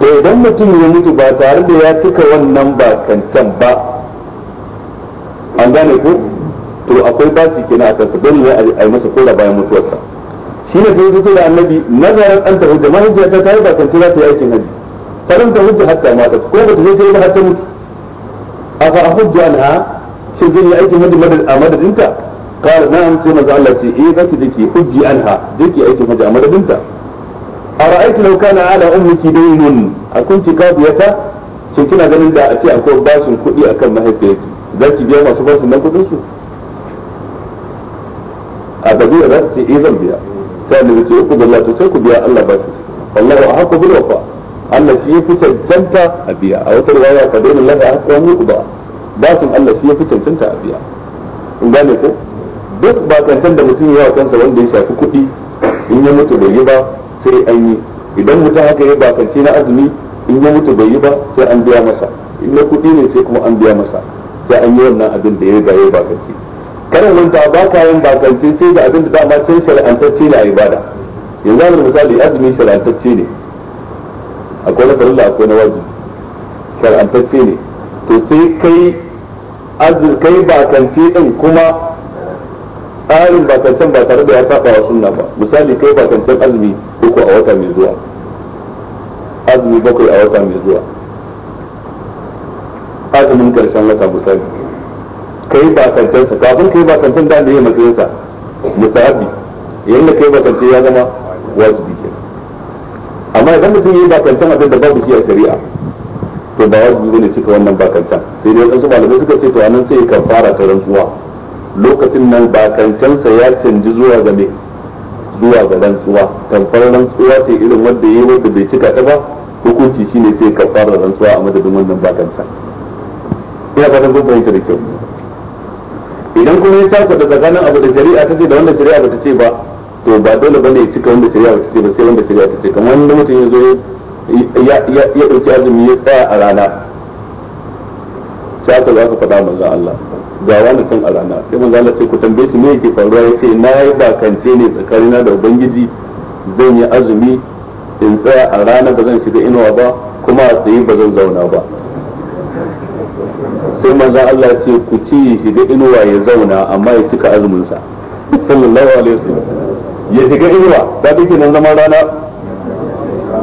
to idan mutum ya mutu ba tare da ya cika wannan bakancan ba an gane ko to akwai bashi kenan a kansa dole ne a yi masa kora bayan mutuwarsa shi ne sai ya da annabi nazarin an tafi da mahaifiyarta ta yi bakance za ta yi aikin hajji فلم تهج حتى ماتت كوبا تهج حتى موت أفأهج عنها shin zan yi aikin hajji madad a madadinta kala na'am sai manzo Allah ce eh zaki dake hujji anha dake aikin hajji a madadinta ara'aytu law kana ala ummiki daynun akun ki kabiyata shin kina ganin da a ce akwai bashin kuɗi akan mahaifiyarki zaki biya masu bashin nan kuɗin su a kabiya za ta ce zan biya sai da ce sai ku biya Allah Allah shi ya fi cancanta a biya a wata riwaya ka daina lafa har tsawon ba. ba sun Allah shi ya fi cancanta a biya in gane ko duk ba cancan da mutum ya kansa wanda ya shafi kuɗi in ya mutu bai yi ba sai an yi idan mutum haka ya bakance na azumi in ya mutu bai yi ba sai an biya masa in na kuɗi ne sai kuma an biya masa sai an yi wannan abin da ya riga ya bakance karin wanda ba ka yin bakance sai da abin da dama can shari'antacce a ibada yanzu misali azumi shari'antacce ne akwai na farilla akwai na wajibi shar'antacce ne to sai kai azur kai bakance din kuma tsarin bakancen ba tare da ya saba wa sunna ba misali kai bakancen azumi uku a wata mai zuwa azumi bakwai a wata mai zuwa azumin karshen wata misali kai bakancen sa kafin kai bakancen da ya matsayin sa musabi yanda kai bakance ya zama wajibi amma idan mutum yi bakantan abin da babu shi a shari'a to ba wajibi ne cika wannan bakantan sai dai wasu malamai suka ce to anan sai ya fara ta rantsuwa lokacin nan bakantansa ya canji zuwa ga me zuwa ga rantsuwa tamfar rantsuwa ce irin wanda yi wanda bai cika ta ba hukunci shine sai kan fara rantsuwa a madadin wannan bakantan ina fatan kun fahimta da kyau idan kuma ya takwata tsakanin abu da shari'a ta ce da wanda shari'a ba ta ce ba to ba dole bane ya cika wanda shari'a ta ce ba sai wanda shari'a ta ce kamar wanda mutum ya zo ya ɗauki azumi ya tsaya a rana sai za ka faɗa maza Allah ga wani can a rana sai manzon Allah ce ku tambaye shi ya yake faruwa ya ce na yi bakance ne tsakanina da ubangiji zan yi azumi in tsaya a rana ba zan shiga inuwa ba kuma a tsaye ba zan zauna ba sai maza Allah ce ku ci shiga inuwa ya zauna amma ya cika azumin sa sallallahu alaihi wasallam ya shiga inuwa ta duke nan zama rana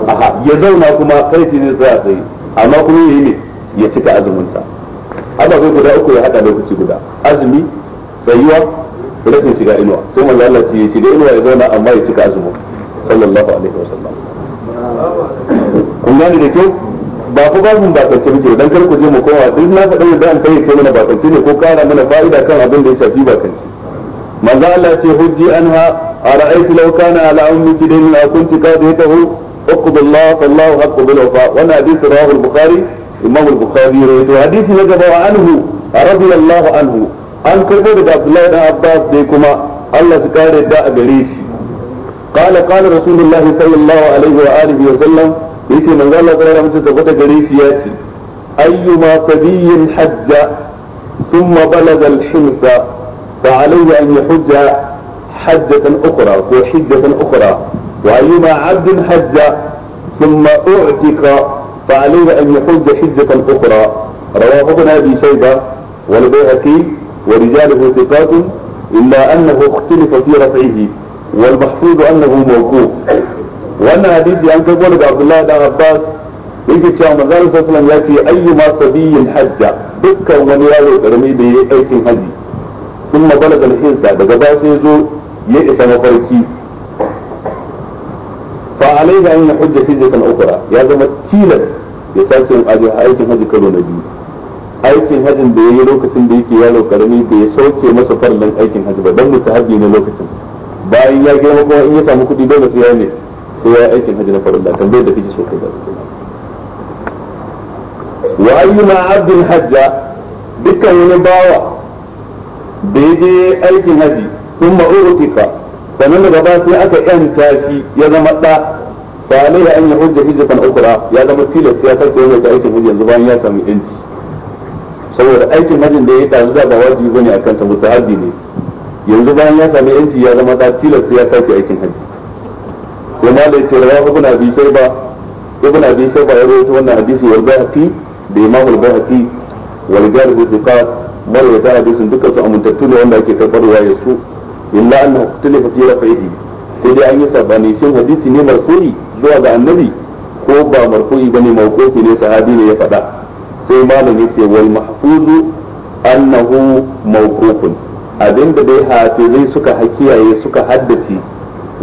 aha ya zauna kuma kai shi ne tsaya tsaye amma kuma ya yi ne ya cika azuminsa zai guda uku ya hada lokaci guda azumi tsayuwa rashin shiga inuwa sai manzo Allah ce ya shiga inuwa ya zauna amma ya cika azumin sallallahu alaihi wasallam kun gane da ke ba ku ba mun bakance muke dan kar ku je mu kowa duk na faɗa da an kai ce mana bakance ne ko kara mana fa'ida kan abin da ya shafi bakance manzo Allah ce hujji anha أرأيت لو كان على أم سليم أكنت كاذبته اقض الله فالله حق بالوفاء وانا حديث رواه البخاري إمام البخاري رويته حديث يجب عنه رضي الله عنه an karbo daga Abdullahi dan Abbas dai kuma Allah su kare da a gare shi qala qala rasulullahi sallallahu alaihi wa wa sallam yace manzo Allah sallallahu alaihi wa sallam gare shi ayyuma sabiyin hajja thumma balagha al-hinsa fa alayhi an حجة أخرى في حجة أخرى وأيما عبد حج ثم أعتق فعليه أن يحج حجة أخرى رواه ابن أبي شيبة والبيهقي ورجاله ثقات إلا أنه اختلف في رفعه والمحفوظ أنه موقوف وأن حديث أن تقول عبد الله بن عباس يجي تشاء من صلى الله عليه وسلم يأتي أيما صبي حج دكا من يالو ترمي به أي حج ثم بلغ الحنسة بقى باسي ya isa mafarki fa alaihi an hujja hijjatan ukra ya zama tilas ya sake yin aje aikin haji karo na biyu aikin hajin da ya yi lokacin da yake yalo karami da ya sauke masa farlan aikin haji ba dan mutahabbi ne lokacin bayan ya gama kuma in ya samu kuɗi dole sai ya ne sai ya aikin haji na farilla tambayar da kike so kai wa ayyuma abdul hajja dukkan wani bawa da ya je aikin haji sun ma'u'utika sannan daga ba sai aka yanta tashi ya zama ɗa fa da an yi hujja yahujja kan ukra ya zama tilas ya sake yawan da aikin hujja yanzu bayan ya samu yanci saboda aikin hajjin da ya tazu da ba wajibi bane akan sa mustahabi ne yanzu bayan ya samu yanci ya zama ɗa tilas ya sake aikin hajji kuma da ce rawa ibn abi shayba ibn abi shayba ya rawaito wannan hadisi wal bayhaqi da imam al bayhaqi wal jarh bi thiqat mawla da hadisin dukkan su amintattu ne wanda ake karbarwa ya su illa annahu ikhtalafa fi rafaihi sai dai an yi sabani shin hadisi ne marfu'i zuwa ga annabi ko ba marfu'i bane mawqufi ne sahabi ne ya faɗa sai malam yace wal mahfuzu annahu mawqufun abinda dai hafizai suka hakiyaye suka haddace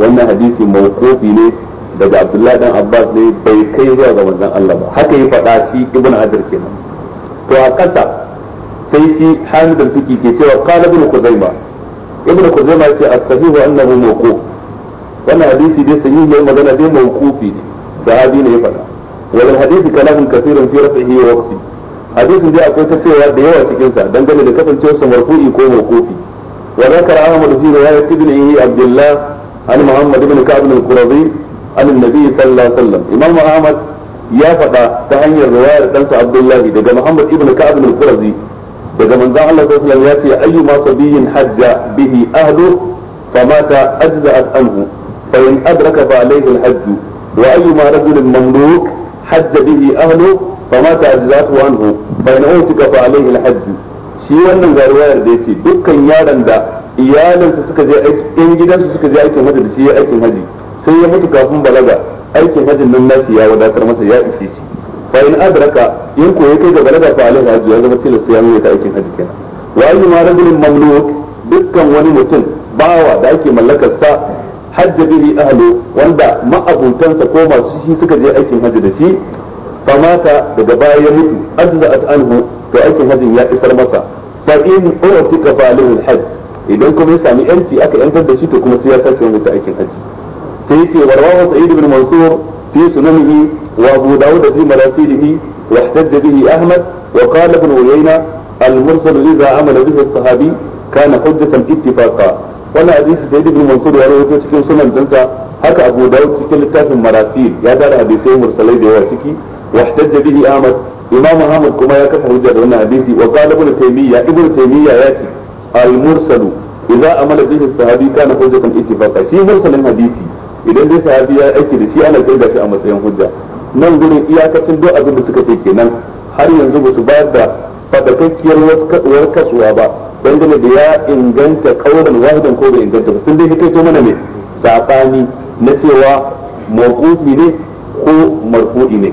wannan hadisi mawqufi ne daga Abdullah dan Abbas ne bai kai zuwa ga manzon Allah ba haka ya faɗa shi Ibn Hajar kenan to a kasa sai shi Hamid al ke cewa qala ibn Khuzaimah ibn kuzaima yace as wa annahu mawquf wannan hadisi dai sahihi yayin magana dai mawqufi ne sahabi ne ya faɗa wal hadisi kalamun kathirun fi rafihi wa waqti hadisin dai akwai ta cewa da yawa cikin sa dangane da kasancewar sa marfu'i ko mawqufi wa zakara ahmad fi riwayat ibn abdullah an muhammad ibn ka'b al-qurazi an annabi sallallahu alaihi wasallam imam ahmad ya faɗa ta hanyar riwayar ɗansa abdullahi daga muhammad ibn ka'b al-qurazi daga manzon Allah sallallahu ya ce ayyuma sabiyin hajja bihi ahlu famata ajza'at anhu fa in adraka fa alayhi alhajj wa ayyuma rajulin mamluk hajja bihi ahlu famata ajza'atu anhu fa in utika fa alayhi alhajj shi wannan ga riwayar da yace dukkan yaron da iyalansa suka je aikin gidansu suka je aikin hajji shi ya aikin haji sai ya mutu kafin balaga aikin hajin nan nashi ya wadatar masa ya ishe shi fa in adraka in ko yake ga balaga fa alaihi hajji ya zama tilas ya yi ta aikin hajji kenan wa ayyu ma rajulin mamluk dukkan wani mutum bawa da ake mallakar sa hajji bihi ahlu wanda ma'abutansa ko masu shi suka je aikin hajji da shi famata daga baya ya mutu ajza'at anhu to aikin hajjin ya isar masa fa in urtika fa alaihi hajj idan kuma ya sami yanci aka yantar da shi to kuma sai ya sake yin aikin hajji sai yake warwawa sa'id ibn mansur في سننه وابو داود في مراسله واحتج به احمد وقال ابن عيينه المرسل اذا عمل به الصحابي كان حجة اتفاقا وانا حديث سيد بن منصور عليه وسلم سنن دلتا حكى ابو داود في كل كاف مراسيل يا دار حديثه مرسلين بواسكي واحتج به احمد امام احمد كما يكف حجة دون حديثي وقال ابن تيمية ابن تيمية ياتي المرسل اذا عمل به الصحابي كان حجة اتفاقا شيء مرسل حديثي idan dai sahabi ya aiki da shi ana da shi a matsayin hujja nan gurin iyakacin duk abin da suka ce kenan har yanzu ba su ba da fadakakkiyar kasuwa ba dangane da ya inganta kauran wahidan ko bai inganta ba sun dai ce mana ne safani na cewa mawqufi ne ko marfu'i ne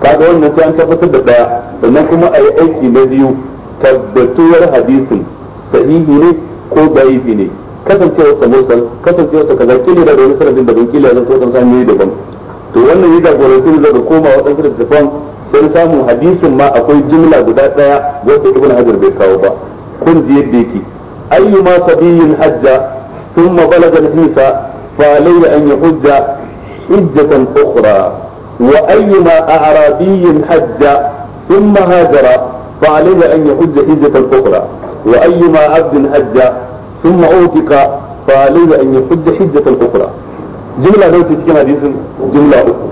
kaga wannan sai an tabbatar da daya sannan kuma a yi aiki na biyu tabbatuwar hadisin sahihi ne ko da'ifi ne kasancewar sa mursal kasancewar sa kaza kila da wani sanadin daban kila ya zanto kan sami daban to wannan ya jagoranci mu daga koma waɗansu da tafan sai samun hadisin ma akwai jumla guda daya wacce ibn hajar bai kawo ba kun ji yadda yake ayyuma sabiyin hajja thumma balaga hisa fa ثم بلغ الحيث فعليه أن يحج حجة أخرى وأيما أعرابي حج ثم هاجر فعليه أن يحج حجة أخرى وأيما abdin hajja ثم أوتك فعليه أن يحج حجة أخرى جملة نوت cikin hadisin jumla uku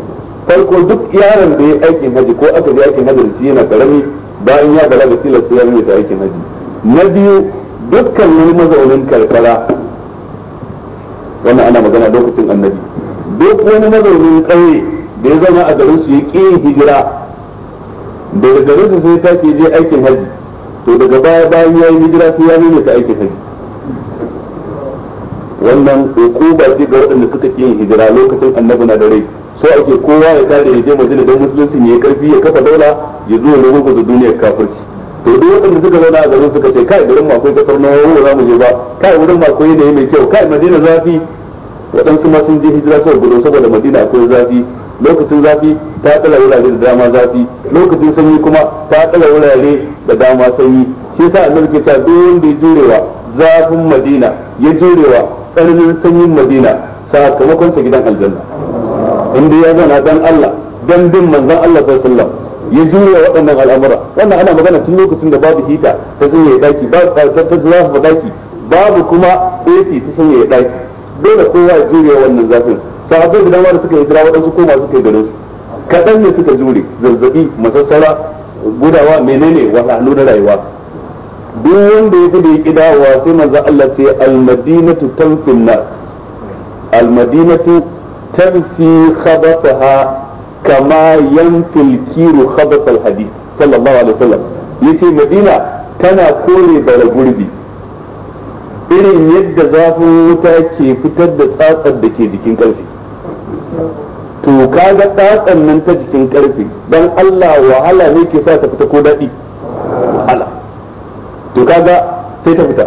farko duk yaron da ya aikin haji ko aka je aikin haji shi yana karami bayan ya balaga tilas ya yi ta aikin haji na biyu dukkan wani mazaunin karkara wannan ana magana lokacin annabi duk wani mazaunin ƙauye da ya zama a garin su ya ƙi hijira daga garin su sai ta ke je aikin haji to daga baya bayan ya yi hijira sai ya yi ta aikin haji wannan hukuma ce ga waɗanda suka ke yin hijira lokacin annabi na da rai so ake kowa ya kare ya je majina don musulunci ya karfi ya kafa daula ya zo ne da duniyar kafirci to duk waɗanda suka zauna a garin suka ce kai garin ma akwai kasar nawa ba zamu je ba kai wurin ma akwai yanayi mai kyau kai madina zafi waɗansu ma sun je hijira sau gudun saboda madina akwai zafi lokacin zafi ta tsala wurare da dama zafi lokacin sanyi kuma ta tsala wurare da dama sanyi shi yasa annabi ke cewa duk wanda ya jurewa zafin madina ya jurewa tsananin sanyin madina sakamakon sa gidan aljanna inda ya zana dan Allah dan bin manzon Allah sallallahu alaihi wasallam ya jure waɗannan al'amura wannan ana magana tun lokacin da babu hita ta sanya daki ba ta ta daki babu kuma AC ta sanya daki dole kowa ya jure wannan zafin sahabbai da wanda suka hijira waɗansu koma suka yi garin su kaɗan ne suka jure zazzabi masassara gudawa menene wahalhalu na rayuwa duk wanda ya gudu ya kidawa sai manzo Allah ce al-madinatu almadinatu tanfin nas almadinatu tanfi khabathaha kama yanfil kiru khabath alhadith sallallahu alaihi wasallam yace madina tana kore bara gurbi irin yadda zafin wuta ke fitar da tsatsar da ke jikin karfe to kaga tsatsar nan ta jikin karfe dan Allah wahala ne ke sa ta fita ko daɗi to kaga sai ta fita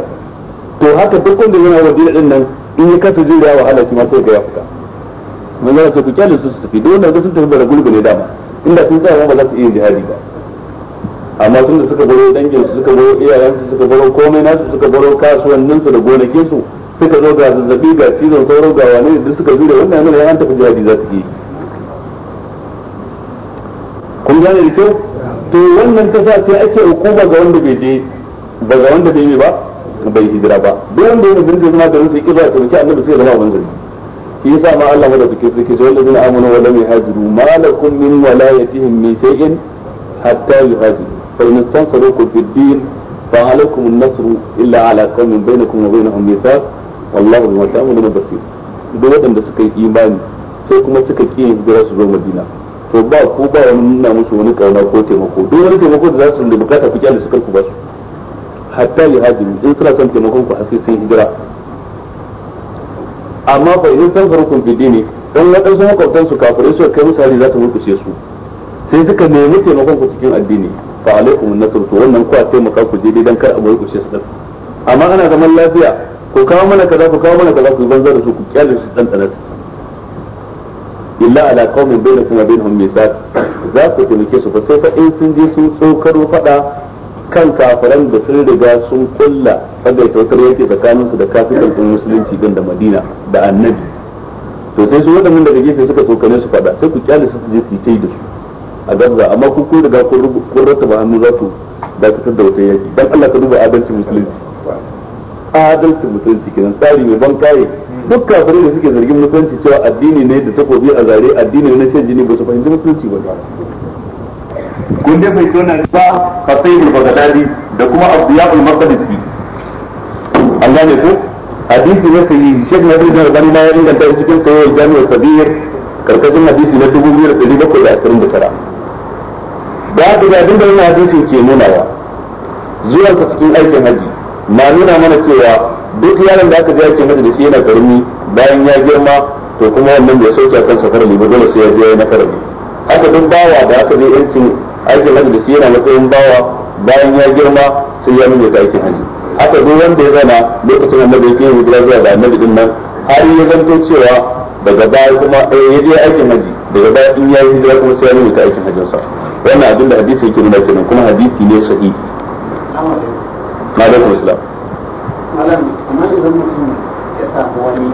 to haka duk wanda yana wadina din nan in ya kasa jira Allah shi ma sai ga ya fita mun ga ku kyale su su tafi dole da sun tafi da gulgune dama inda sun tsaya ba za su iya jihadi ba amma sun da suka baro dangin su suka baro iyayen su suka baro komai nasu suka baro kasuwannin su da gonakin su suka zo ga zazzabi ga cizon sauro ga wani da suka jure wannan ne an tafi jihadi za su yi kun gane da kyau to wannan ta sa sai ake hukuma ga wanda bai je ba ga wanda bai yi ba bai hijira ba duk wanda yana bin zama garin sai kiba to ki annabi sai zama abin zuri shi yasa ma Allah da take take sai wallazina amanu wa lam yahajiru ma lakum min walayatihim min shay'in hatta yuhajiru fa in tansarukum fid din fa alaykum an-nasru illa ala qaumin bainakum wa bainahum mithaq wallahu bima ta'maluna basir duk waɗanda suka yi imani sai kuma suka kiyaye hijira su zo Madina to ba ku ba wani nuna musu wani kauna ko taimako duk wani taimako da za su da bukata ku kyale su karku ba su hatta yi hajjin in suna son taimakon ku har sai sun hijira amma fa idan san farkon bidini dan waɗansu makwabtan su kafirai suka kai musu hari za ta murkushe su sai suka nemi taimakon ku cikin addini fa alaikum nasr to wannan ku a taimaka ku je dan kar a murkushe su amma ana zaman lafiya ku kawo mana kaza ku kawo mana kaza ku banzar da su ku kyale su dan tsanar illa ala qaumin bainakum wa bainahum mithaq za ku taimake su fa sai fa in sun je sun tsokaro fada kan kafiran da sun riga sun kulla saboda tautar yake tsakanin su da kafirin din musulunci din da Madina da Annabi to sai su wadannan daga gefe suka tsokane su fada sai ku kyale su je su yi da su a Gaza amma ku kun riga kun rattaba hannu za ku dakatar da wata yaki dan Allah ka duba adalcin musulunci adalcin musulunci kenan tsari mai ban kai duk kafirin da suke zargin musulunci cewa addini ne da takobi a zare addini ne na shan jini ba su fahimci musulunci ba kun dai bai tona ba Qasid al-Baghdadi da kuma ya bai maqdisi an gane ko hadisi ne sai Sheikh Nabi da Rabbani na ya inganta cikin sahih Jami'ar Kabir karkashin hadisi na 2729 da ga abin da wannan hadisi ke nuna ba zuwan ka cikin aikin haji na nuna mana cewa duk yaron da aka je aikin haji da shi yana karmi bayan ya girma to kuma wannan bai sauke kan safar liba dole sai ya je na karami haka duk bawa da aka je yancin. aikin hajji da su yana matsayin bawa bayan ya girma sai ya nuna aikin hajji haka duk wanda ya zana lokacin annabi yake hijira zuwa ga annabi din nan har ya zanto cewa daga baya kuma eh, ya je aikin hajji daga baya in ya yi hijira kuma sai ya nuna aikin hajjin sa wannan abin da hadisi yake nuna kenan kuma hadisi ne sahihi alaikum assalam malam amma idan mutum ya samu wani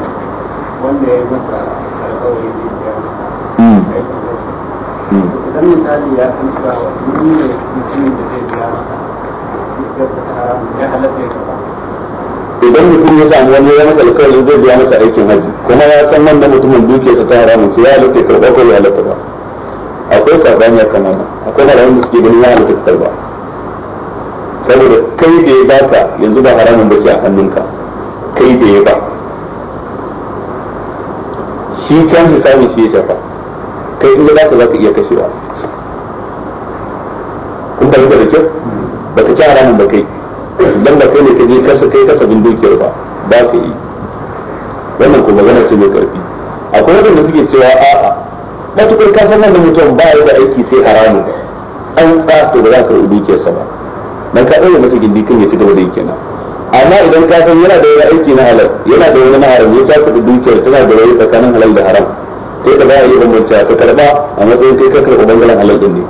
wanda ya masa alƙawari zai biya masa hmm. idan misali ya san cewa ne mutumin da zai biya masa idan mutum ya samu wani ya masa alkawari zai biya masa aikin haji kuma ya san wannan mutumin dukiyarsa ta haramun ce ya halatta ya karba ko ya halatta ba akwai sabani ya kama nan akwai malamin da suke ganin ya halatta ka karba saboda kai da ya baka yanzu ba haramun bace a hannunka kai da ya ba shi can hisabi shi ya shafa kai in za ka za ka iya kashewa in ba da kyau hmm. ba ka ci haramun ba kai don ba kai ne ka je kasa kai kasa bin dukiyar ba ba ka yi wannan ko magana ce mai karfi akwai da suke cewa a'a matukar kasar nan da mutum ba ya da aiki sai haramu an tsato ba za ka yi dukiyarsa ba dan ka ɗaure masa gindi kan ya ci gaba da yake na amma idan ka san yana da wani aiki na halal yana da wani na haram ya ta kudu dukiyar tana da wani tsakanin halal da haram kai da za a yi bambance ka karba a matsayin kai kakar karba bangaren halal din ne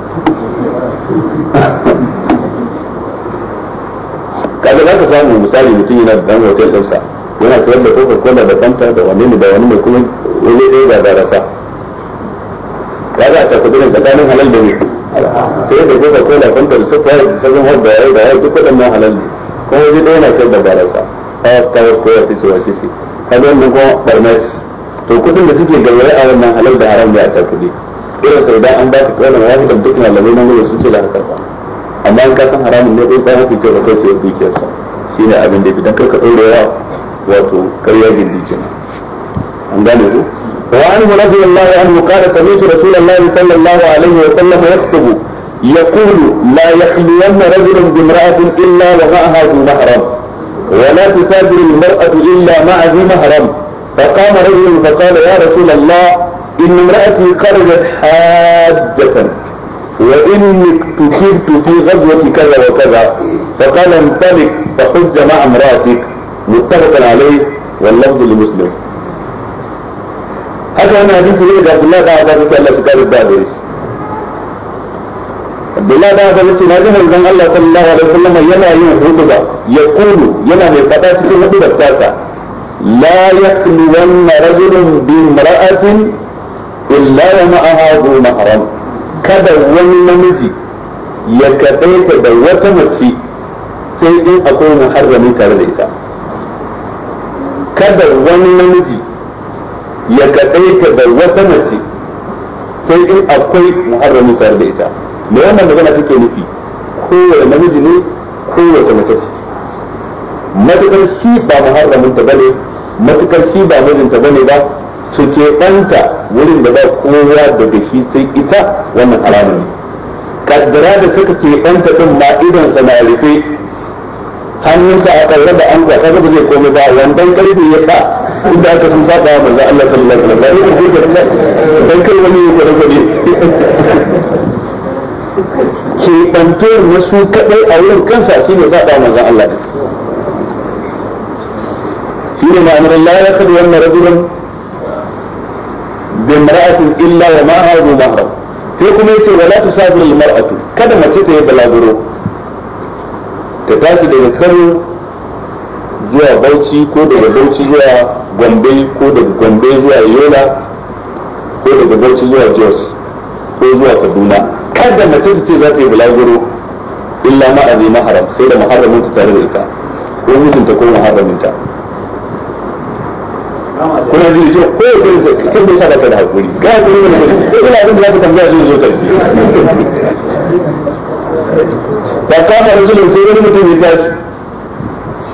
kaga za ka samu misali mutum yana da dan hotel ɗinsa yana sayar da kofar cola da fanta da wani ne da wani mai kuma wani ɗaya da barasa kaga a da tsakanin halal da ne sai da coca cola fanta da sufa da sabon har da yau da yau duk waɗannan halal ne kuma waje ɗaya na sayar da barasa a wasu kawar kowa sai su wasu shi kaga wannan kuma to kudin da suke gallaye a wannan halal da haram ya a kudi irin sai idan an ba ka kaulan wahidan duk malamai na mulki sun ce da haka amma in ka san haramun ne ɗaya mafi kyau ka kai sai dukiyarsa shi ne abin da ya fi don karka ɗaure wa wato karya gindi kenan an gane ku وعنه رضي الله عنه قال سمعت رسول الله صلى الله عليه وسلم يخطب يقول لا يخلون رجل بامرأة إلا ومعها ذو محرم ولا تسافر المرأة إلا مع ذي محرم فقام رجل فقال يا رسول الله إن امرأتي خرجت حاجة وإني اكتشفت في غزوة كذا وكذا فقال انطلق فحج مع امرأتك متفق عليه واللفظ لمسلم هذا أنا حديث إيه عبد الله قال ذلك قال سكار الدابريس عبد الله قال ذلك ناجم الله صلى الله عليه وسلم ينا يوم يقول ينا من فتاة في خطبة لا يخلون رجل بامرأة إلا ومعها ذو محرم kada wani namiji ya kaɗaita da wata mace sai in akwai muharrami tare da ita kada wani namiji ya kaɗaita da wata mace sai in akwai muharrami tare da ita da wannan magana take nufi kowane namiji ne kowace mace ce matuƙar shi ba muharramin ta bane matukar shi ba mijinta ne ba su ɗanta wurin da ba kowa daga shi sai ita wannan haramun ne kaddara da suka keɓanta ɗin ma idan sa na rufe hannunsa a tsarra da an kwata ba zai komai ba wandan karfe ya sa inda aka sun saba wa manzo Allah sallallahu alaihi wasallam ba zai ga dan kai wani ya kwata kwata ke na su kadai a wurin kansa ne saba manzo Allah shine ma'anar la yaqdi anna rajulan bi imra'atin illa wa ma hadu mahram sai kuma yace wala tusafir al mar'atu kada mace ta yi balaguro ta بوتي daga Kano zuwa Bauchi ko daga Bauchi zuwa Gombe ko daga Gombe zuwa Yola ko daga Bauchi zuwa Jos ko zuwa kada mace ta ce za ta yi balaguro illa ma azi maharam sai da muharramin ta tare da ita ko mijinta ko muharramin ta kuna ji ce ko sai kin da saka da hakuri ga hakuri ne ko ina abin da zaka tambaya zai zo karshe fa kana rajulun sai wani mutum ya tashi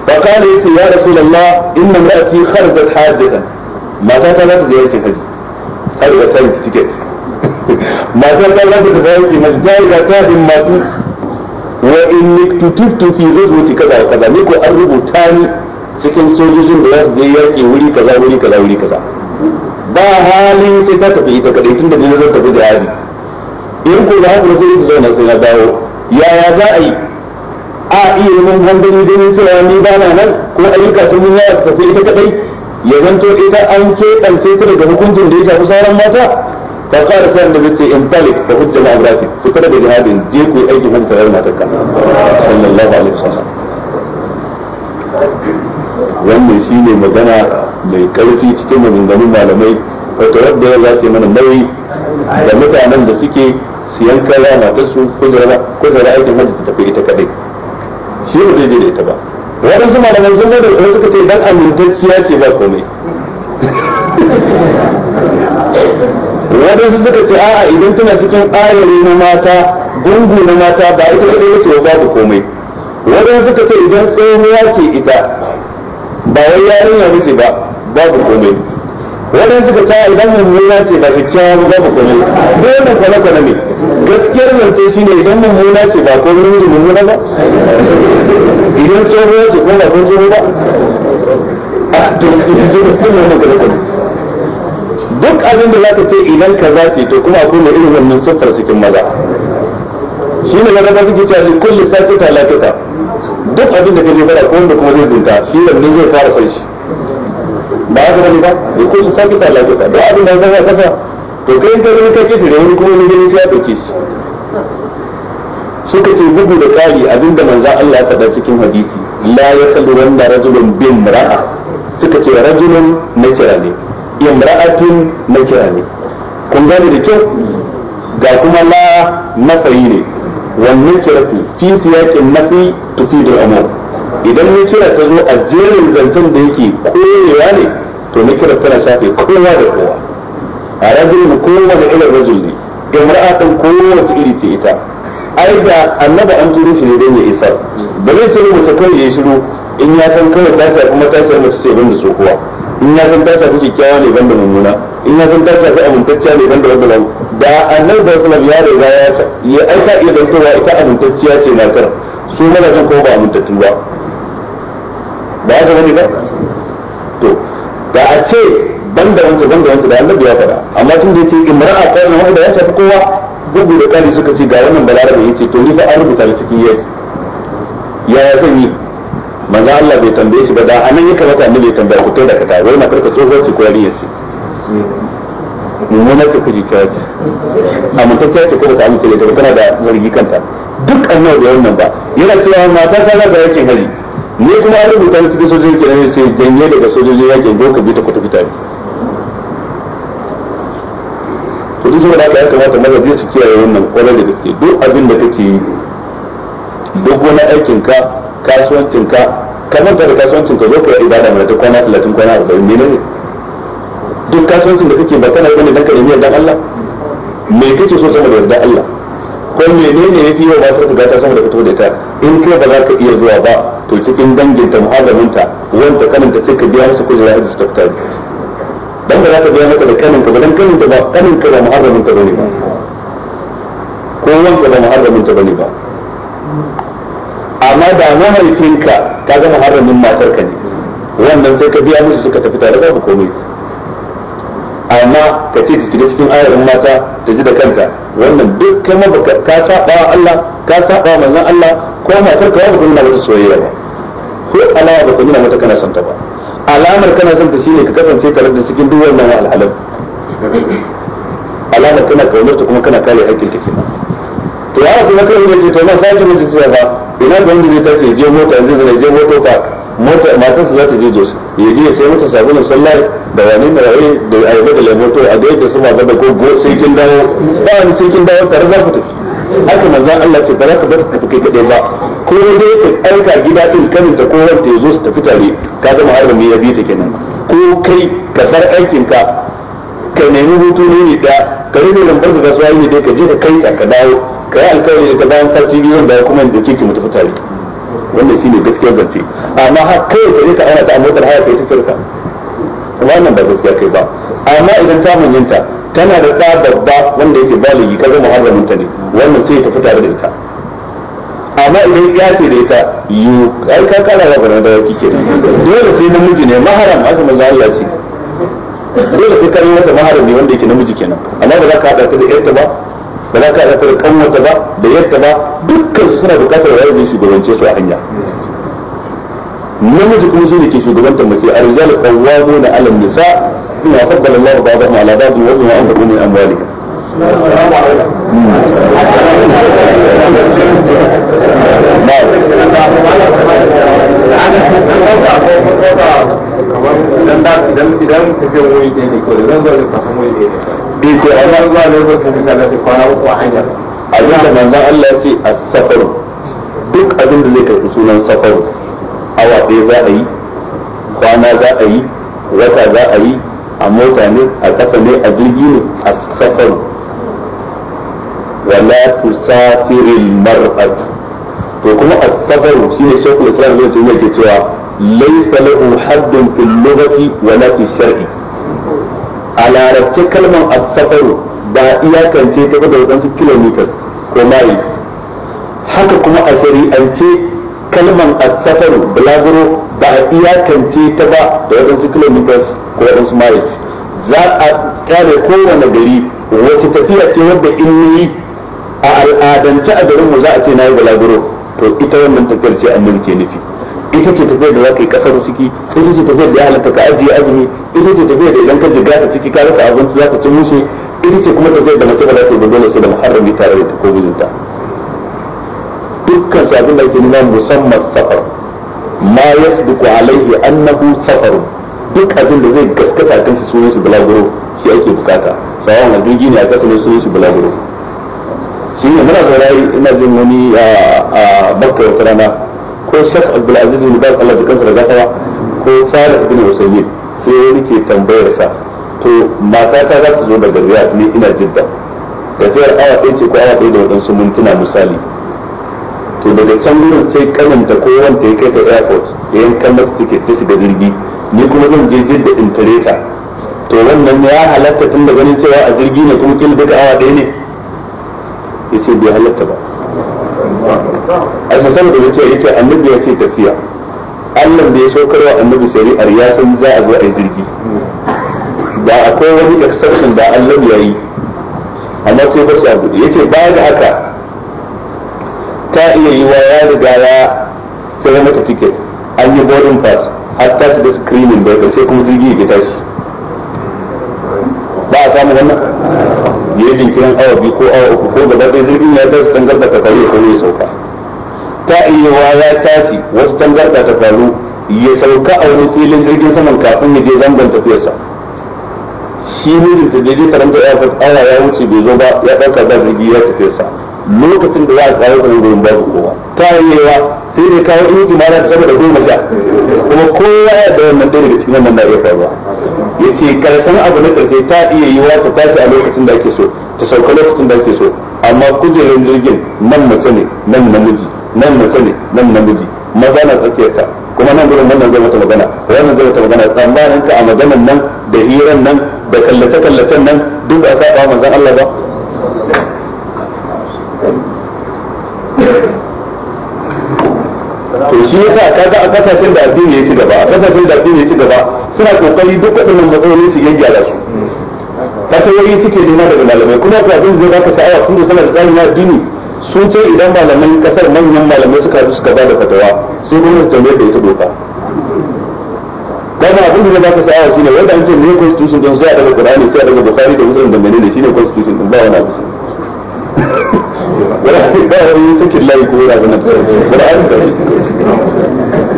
fa kana yace ya rasulullah inna mar'ati kharajat hajatan mata ta za ta je yake haji har da ta yi ticket mata ta za ta je yake haji da ga ta din matu wa inni kutubtu fi ghazwati kaza kaza ni ko an rubuta ni cikin sojojin da zai su yaƙi wuri kaza wuri kaza wuri kaza ba halin sai ta tafi ita kadai tunda ne zan tafi jihadi in ko da haka sai ta zauna sai na dawo yaya za a yi a iya neman hanzari ganin cewa ni ba na nan ko ayyuka sun yi yawa tafi ita kadai ya zanto ita an keɓance ta daga hukuncin da ya shafi sauran mata ta fara sayar da mace in talik ta hujja ma ku fita daga jihadin je ku aiki hukunta yar matar ka sallallahu alaihi wasallam wannan shi ne magana mai karfi cikin maganganun malamai fatarar da za ta mana mai da mutanen da suke siyan kaya matarsu ko zara aikin hajji ta tafi ita kadai shi ba je da ita ba waɗansu malamai sun gada da suka ce dan amintacciya ce ba komai waɗansu suka ce a'a idan tana cikin ayari na mata gungu na mata ba ita kadai ce ba komai waɗansu suka ce idan tsohuwa ce ita ba wai yarinya bace ba babu komai wannan suka ta idan mummuna ce ba kyakkyawa ba babu komai dole kwana kwana ne gaskiyar zance shine idan mummuna ce ba ko mun mummuna ba idan tsoho ce ko ba ko tsoho ba a ah, to idan kuma ne kwana kwana duk abin da zaka ce idan za ce to kuma akwai mai irin wannan siffar cikin maza shi ne na gaba suke cewa kulli ta ta kita duk abin da je fara ko wanda kuma zai dinka shi wannan zai fara sai shi ba haka bane ba ya eh, ko in saki ta lafiya duk abin da zai kasa to kai in kai ka kici da wani kuma ne gani sai ya dauke shi suka ce bugu da abin abinda manzon Allah ya faɗa cikin hadisi la kalli wanda rajulun bin ra'a suka ce rajulun na kira ne imra'atun kira ne kun gane da kyau ga kuma la na ne wannan kirati fi siyakin nafi tufidul amur idan ya kira ta zo a jerin zancen da yake koyewa ne to ne kira tana shafe kowa da kowa a kowa kowane ilar rajin ne kowa kowace iri ce ita ai da annaba an turo shi ne don ya isar ba zai ce ta kawai ya shiru in ya san kawai ta kuma ta masu mace sai ban da tsohuwa in ya san tasha kuke kyawa ne da mummuna in ya san tasha ku amintacciya ne da wanda lau da annabi da wasu ya riga ya sa ya aika iya zantowa ita amintacciya ce na kar su mana zan kuma ba amintattu ba ba ya zama ne ba to da a ce ban wanda banda wanda da annabi ya faɗa amma tun da yake a kawai da ya shafi kowa gudu da kari suka ce ga wannan balarabe ce to ni fa an rubuta cikin yaki yaya zan yi manzo Allah bai tambaye shi ba da anan ya kamata annabi bai tambaya ku da kata wai matar ka tsohuwar ce ko yariyar ce mummuna ce kuji ta ce amintacciya ce ko ba ta amince da ita tana da zargi kanta duk annabi da wannan ba yana cewa mata ta ga yakin hari ne kuma an rubuta ni cikin sojoji kenan sai janye daga sojoji yakin go ka bi ta kuta tafi tare to duk saboda ka ya kamata mazaje su kiyaye wannan kwarar da gaske duk abin da kake yi duk wani aikin ka kasuwancinka ka manta da kasuwancinka zo ka yi ibada mai ta kwana talatin kwana arba'in ne? duk kasuwancin da kake ba kana yi dan ka nemi yardan Allah me kake so sama da yardan Allah ko menene yafi yau ba ta buga ta sama da fito da ta in kai ba za ka iya zuwa ba to cikin danginta muharraminta wanda kananta sai ka biya musu kujera da su tafta dan ba za ka biya mata da kaninka ba dan kaninka ba kaninka ba muharraminta bane ba ko wanda ba muharraminta bane ba amma da mahaifinka ka ga muharramin matar ka ne wannan sai ka biya musu suka tafi tare babu komai amma ka ce shiga cikin ayarin mata ta ji da kanta wannan duk kama mabaka ka saba Allah ka saba manzon Allah ko matar ka ba ta nuna mata soyayya ba ko alama ba ta nuna mata kana son ta ba alamar kana son ta shine ka kasance tare da cikin duk wannan alhalin alamar kana kaunar ta kuma kana kare hakkin ta kenan ya rasu na kai ce to na sake miji sai ba ina da wanda zai tashi je mota yanzu zai je mota ka mota matar su za ta je jos ya je sai mata sabulun sallah da wani da rayi da ayaba da lemo a ga yadda su ba da gogo sai kin dawo ba ni sai kin dawo tare za ku tafi haka manzon Allah ce ba za ka bar ka kai kadai ba ko dai ka aika gida din kanin da kowa ta zo su tafi tare ka zama harbi ya bi ta kenan ko kai ka sar aikin ka ka nemi hutu ne da ka rage lambar da za su yi ne dai ka je ka kai ka dawo ka yi alkawari da bayan sarki biyu da kuma da kike mu tafi tare wannan shine gaskiyar zance amma har kai ka je ka ana ta a motar haya kai ta kirka wannan ba gaskiya kai ba amma idan ta manyanta tana da ɗa babba wanda yake baligi ka zama haramin ta ne wannan sai ta fita da ita amma idan ya ce da ita yu ai ka kara da bana da yake dole sai namiji ne maharam aka manzo Allah ce dole sai kai mata maharam ne wanda yake namiji kenan amma ba za ka hada ta da ita ba ba za ka haɗa kan wata ba da yadda ba dukkan suna bukatar waye zai shugabance su a hanya namiji kuma shi ne ke shugabantar mace a rijal qawwamu na alam nisa ina fadda faddala Allah ba'dahum ala ba'd da kuma yi an amwalika alaihi wasallam ya kwana uku a da Allah ce duk abin da zai karɓi sunan safar awa ɗaya za a yi kwana za a yi wata za a yi a mota ne a ƙasa ne a jirgi ne a safaru. wala tusafirin mar'atu to kuma a safar shi ne shekul islam zai tuni ke cewa laisa lahu haddun fil lughati wala fi shar'i a larabci kalmar a safaru ba iyakance ta da waɗansu kilomitas ko miles haka kuma a shari'ance kalman asafaru bulaguro ba a iyakance ta ba da waɗansu kilomitas ko waɗansu miles za a kare kowane gari wace tafiya ce wadda in yi a al'adance a garinmu za a ce na yi bulaguro to ita wannan tafiyar ce an ke nufi ita ce tafiyar da za ka yi kasar ciki ita ce tafiyar da ya halatta ka ajiye azumi ita ce tafiyar da idan ka jiga ta ciki ka rasa abinci za ka ci mushe ce kuma zai da mace ba za ta yi da dole sai da muharrami tare da ta ko mijinta dukkan su abin da ke nuna musamman safar ma ya su an alaihi annahu safar duk abin da zai gaskata kan shi sunan su bulaguro shi ake bukata sawan a jirgi ne a kasar ne sunan shi bulaguro shi ne muna saurari ina jin wani a bakka wata rana ko shaf abdulaziz ne baz Allah jikansa da gafawa ko salih bin wasanni sai wani ke tambayar sa to matata za ta zo daga riyadh ne ina jidda tafiyar awa ɗaya ce ko awa ɗaya da waɗansu mintuna misali to daga can gurin sai kananta ko wanda ya kai ta airport da yankan masu tiket ta shiga jirgi ni kuma zan je jidda in tare ta to wannan ya halatta tun da ganin cewa a jirgi ne kuma kin duka awa ɗaya ne ya ce bai halatta ba a sassan da wuce ya ce annabi ya ce tafiya allah da ya saukarwa annabi shari'ar ya san za a zo a yi jirgi da akwai wani exception da Allah ya yi amma sai ba su abu yace ba da haka ta iya yi wa ya riga ya sai mata ticket an yi boarding pass har ta shiga screening da sai kuma jirgi ya tashi ba a samu wannan ya yi jinkirin awa biyu ko awa uku ko gaba sai jirgin ya tashi tangarda ta faru ya ya sauka ta iya wa ya tashi wasu tangarda ta faru ya sauka a wani filin jirgin saman kafin ya je zangon tafiyarsa shi mijinta da je karanta ya fas ala ya wuce bai zo ba ya ɗauka ba jirgi ya tafi sa lokacin da za a kawo tsarin ba su kowa yawa sai dai kawo ji mara ta saboda goma sha kuma kowa ya da wannan ɗaya daga cikin wannan na iya faruwa ya ce karshen abu na ƙarshe ta iya yiwa ta tashi a lokacin da ake so ta sauka lokacin da ake so amma kujerar jirgin nan mace ne nan namiji nan mace ne nan namiji maza na tsakiyarta kuma nan gudun wannan zai wata magana wannan zai wata magana tsammanin ka a maganan nan da hiran nan da kallace-kallacen nan duk da saba manzan Allah ba to shi yasa kaga a kasashen da addini ya ci gaba a kasashen da addini ya ci gaba suna kokari duk waɗannan matsaloli su gyaggyara su fatawoyi suke nema daga malamai kuma ka abin zai baka sha'awa sun da sanar da tsarin addini sun ce idan malamai kasar manyan malamai suka suka ba da fatawa sai gwamnati mai da ita doka kaga abin da zaka sha'awa shine wanda an ce ne constitution don sai a daga Qur'ani sai a daga Bukhari da Muslim da menene shine constitution din ba wani abu *laughs* wala ba wani sakin layi ko da wala an da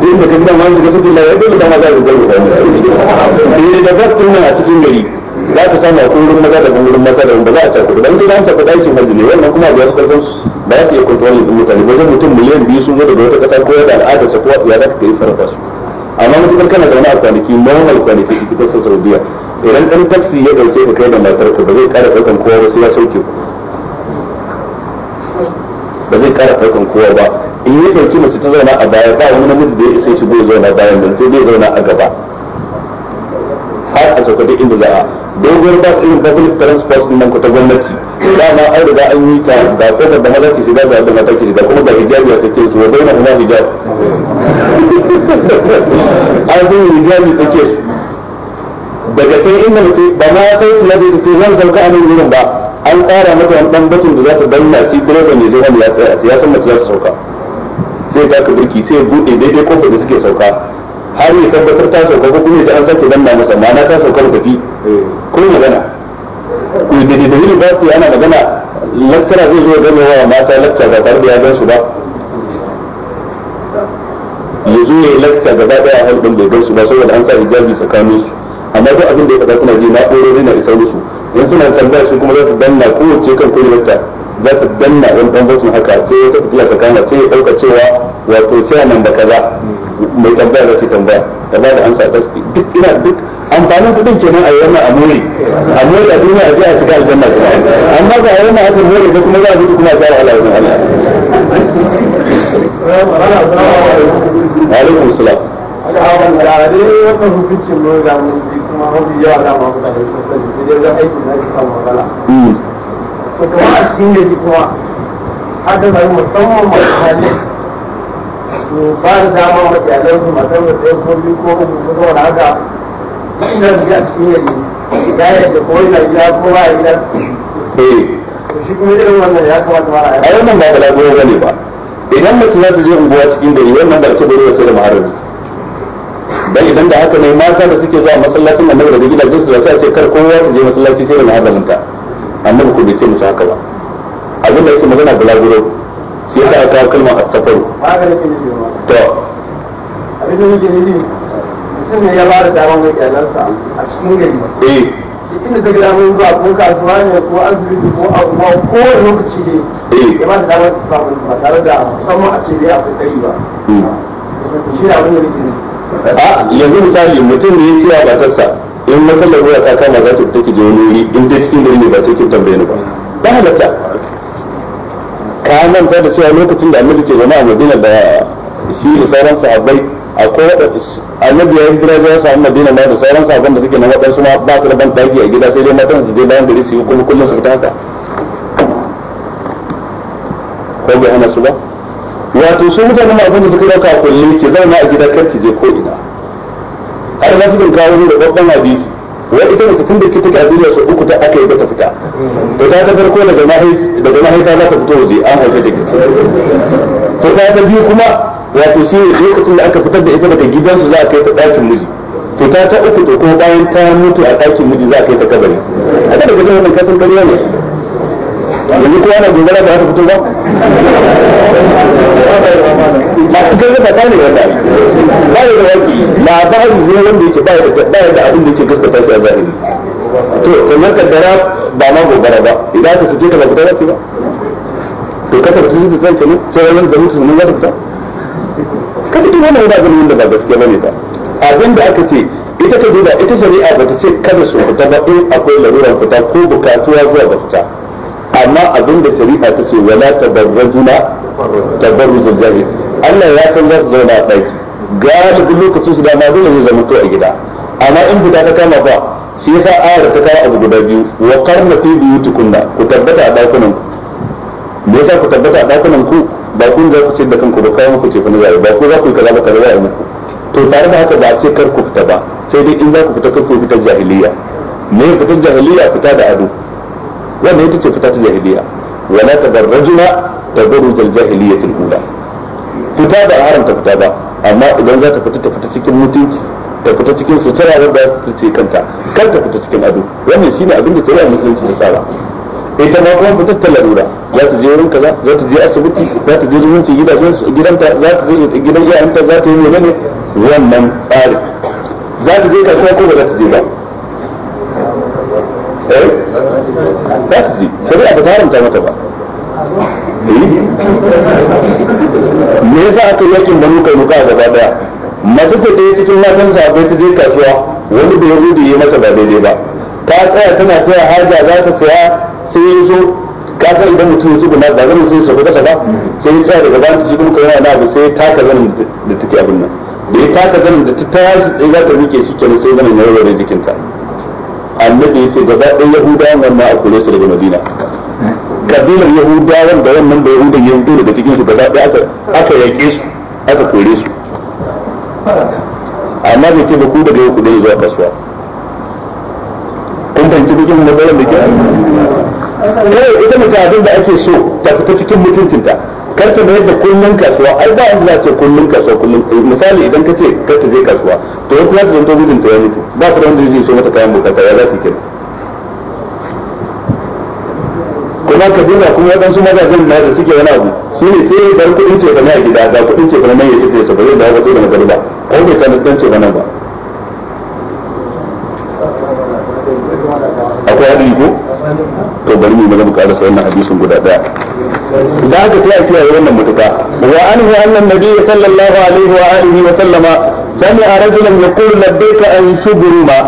din da kin wani da sakin layi dole da ma za ka gani eh da gaskiya nan a cikin gari za ka samu akwai maza da wurin maza da wanda za a tafi da gidan ta fada yake hajji wannan kuma ba su karfin ba su iya kontrolin mutane ba mutum miliyan biyu sun zo daga wata kasa ko da al'ada sa ko ya za ka kai amma mutukar kana zaune a kwanaki normal kwanaki cikin kasar saudiya idan ɗan taksi ya ɗauke ka kai da matar ku ba zai ƙara ɗaukan kowa ba sai ya sauke ku ba zai ƙara ɗaukan kowa ba in ya ɗauki mace ta zauna a baya ba wani namiji da ya isa shigo zauna bayan nan sai zai zauna a gaba har a sauka duk inda za a dogon bas irin public transport din nan ku ta gwamnati dama an riga an yi ta ga kofar da maza ke shiga ga da mata ke shiga kuma ga hijabi a take su bai na kuma hijab *laughs* an yi hijabi take su daga sai inda mace ba ma sai ya zai ce zan sauka a nan wurin ba an tsara mata wani dan batun da za ta danna shi direban ne zai wani ya tsaya ya san mace za ta sauka sai ta ka birki sai ya buɗe daidai kofar da suke sauka har yi tabbatar ta sauka ko kuma ya an sake danna masa ma'ana ta sauka da tafi eh, ko magana eh, da da dalili ba su ana magana lakcara zai zo gane wa mata lakcara ba tare da ya gan su ba ya zo ya lakcara gaba daya halɗin bai gan su ba saboda an sa hijabi tsakanin su amma duk abin da ya faɗa suna ji na ɗoro na isar musu in suna tambaya su kuma za su danna kowace kan kowace lakcara za ta danna yan bambancin haka sai wata ta kama sai ya dauka cewa wato cewa nan da kaza mai tambaya za ta tambaya da ba da amsa ta duk ina duk amfanin kudin kenan a yana a muri a muri a duniya a je a shiga aljanna kuma amma ga a yana haka muri da kuma za a mutu kuma a shara Allah ya Allah alaikum salam kuma mafi yawa da ma mutane sun sani sai dai aikin na shi kan kuma a cikin gari kuma har da musamman masu hali su ba da dama wa iyalan su matar da ɗaya ko biyu ko uku ko zama da haka inda su a cikin gari ya yadda ko yana gida ko ba a gida eh. shi kuma irin wannan ya kamata mara a nan ba da lagoyo ba ne ba idan mace za ta je unguwa cikin gari wannan ba ce bari wasu da maharami dan idan da haka ne mata da suke zuwa masallacin annabi da gidajen su da sai ce kar kowa su je masallaci sai da maharramin annabi ko bai ce musu haka ba abin da yake magana bulaguro shi yasa aka kawo kalmar a safaru to abin da yake nufi mutum ne ya ba da dama ga iyalansa a cikin gari eh inda ta gida mun zuwa ko kasuwa ne ko asibiti ko abuwa ko wani lokaci ne eh. ya ba da dama su samu ba tare da musamman a ce dai akwai tsari ba hmm. shi ne abin da yake nufi a yanzu misali mutum ne ya ce ya batarsa in na sallar ruwa ta kama za ta take je wani wuri in dai cikin gari ne ba sai kin tambaye ni ba ba halatta ka ta da cewa lokacin da annabi ke zama a madina da shi da sauran sahabbai akwai annabi ya hijira ya samu madina ma da sauran sahabban da suke na waɗansu ma ba su da ban a gida sai dai matan su je bayan gari su yi kuma kullum su fita haka ko bai hana su ba wato su mutane ma abinda da suka dauka kullum ki zauna a gida kar ki je ko ina har ba su bin kawo ne da babban hadisi wai ita mace tun da ke take a duniya su uku ta aka yi ta fita to ta ta farko daga mahaifa daga mahaifa za ta fito waje an haife ta gida to ta ta biyu kuma wato shi ne lokacin da aka fitar da ita daga gidansu za a kai ta ɗakin miji to ta ta uku to ko bayan ta mutu a ɗakin miji za a kai ta kabari haka daga jihar wannan kasan ƙarya ne yanzu ko yana gobara za ta fito ba masu kai zaka ne ba ya da waki ne wanda yake ba da abin da yake gaskata shi a zahiri to sannan ba ma ba idan ka fito ka ba fita ba to kenan sai da mutum za ta fita ka fito wannan da ba gaskiya ba abin da aka ce ita duba ita shari'a ba ta ce kada su fita ba in akwai larurar fita ko bukatuwa zuwa ga fita amma abinda shari'a ta ce wala tabarrajuna tabarrujul jahil Allah ya san za su zauna a ɗaki galibin lokacin su dama dole zai zama to a gida amma in fita ta kama ba shi yasa ayar ta kawo abu guda biyu wa qarna fi biyutikunna ku tabbata a dakunan ku me yasa ku tabbata a dakunan ku ba kun za ku ce da kanku ba kayan ku ce fa ne ba ku za ku yi kaza ba kaza ba muku to tare da haka ba a ce kar ku fita ba sai dai in za ku fita kar ku fita jahiliya me fitar jahiliya fita da ado wannan ita ce fita ta jahiliya wala tabarrajna tabarruj al-jahiliyyah al-ula fita ba a haramta fita ba amma idan za ta fita ta fita cikin mutunci ta fita cikin sutura wanda ta ce kanta kar ta fita cikin ado wannan shine abin da tsaya musulunci ta tsara ita ma kuma fitar ta larura za ta je wurin kaza za ta je asibiti za ta je zumunci gidanta za ta je gidan iyayenta za ta yi menene wannan tsari za ta je kasuwa ko ba za ta je ba eh za su shari'a ba ta haramta mata ba me yasa aka yakin da muka muka gaba daya mace ta ɗaya cikin matan sabai ta je kasuwa wani da ya gudu yi mata ba daidai ba ta tsaya tana taya haja za ta saya sai ya zo kasa idan mutum ya tsuguna ba zan sai sabu kasa ba sai ya tsaya daga bayan ta kuma kai na abu sai ta ka zanin da take abin nan da ya ka zanin da ta tashi sai za ta rike shi kenan sai zanin ya rarrare jikinta annabi yace gaba ɗaya yahudawan nan ma a kure su daga madina kabilar yahudawan da wannan da yahudan ya fito daga cikin su gaba ɗaya aka aka yake su aka kore su amma bai ce ba ku daga yau ku dai zuwa kasuwa kun fahimci bikin na da ke kai eh, ita mace abin da ake so ta fita cikin mutuncinta kar ta mayar da kullun kasuwa ai ba inda za ce kullun kasuwa kullun eh, misali idan ka ce kar ta je kasuwa to wata za ta zanto mijinta ya mutu ba ta wanda zai so mata kayan bukata ya za ta kenan kuma ka duba kuma waɗansu mazajen na da suke wani abu su ne sai bar kuɗin ce ba na gida ga kuɗin ce ba na ya tafiya sa ba zai dawo ba zai da ba ko bai ta nufin ce ba nan ba akwai haɗin ko to bari mu maza mu sai wannan hadisin guda daya da aka ce a kiyaye wannan mutuka wa anhu annan nabiy sallallahu alaihi wa alihi wa sallama sami'a rajulan yaqulu labbaika an shubruma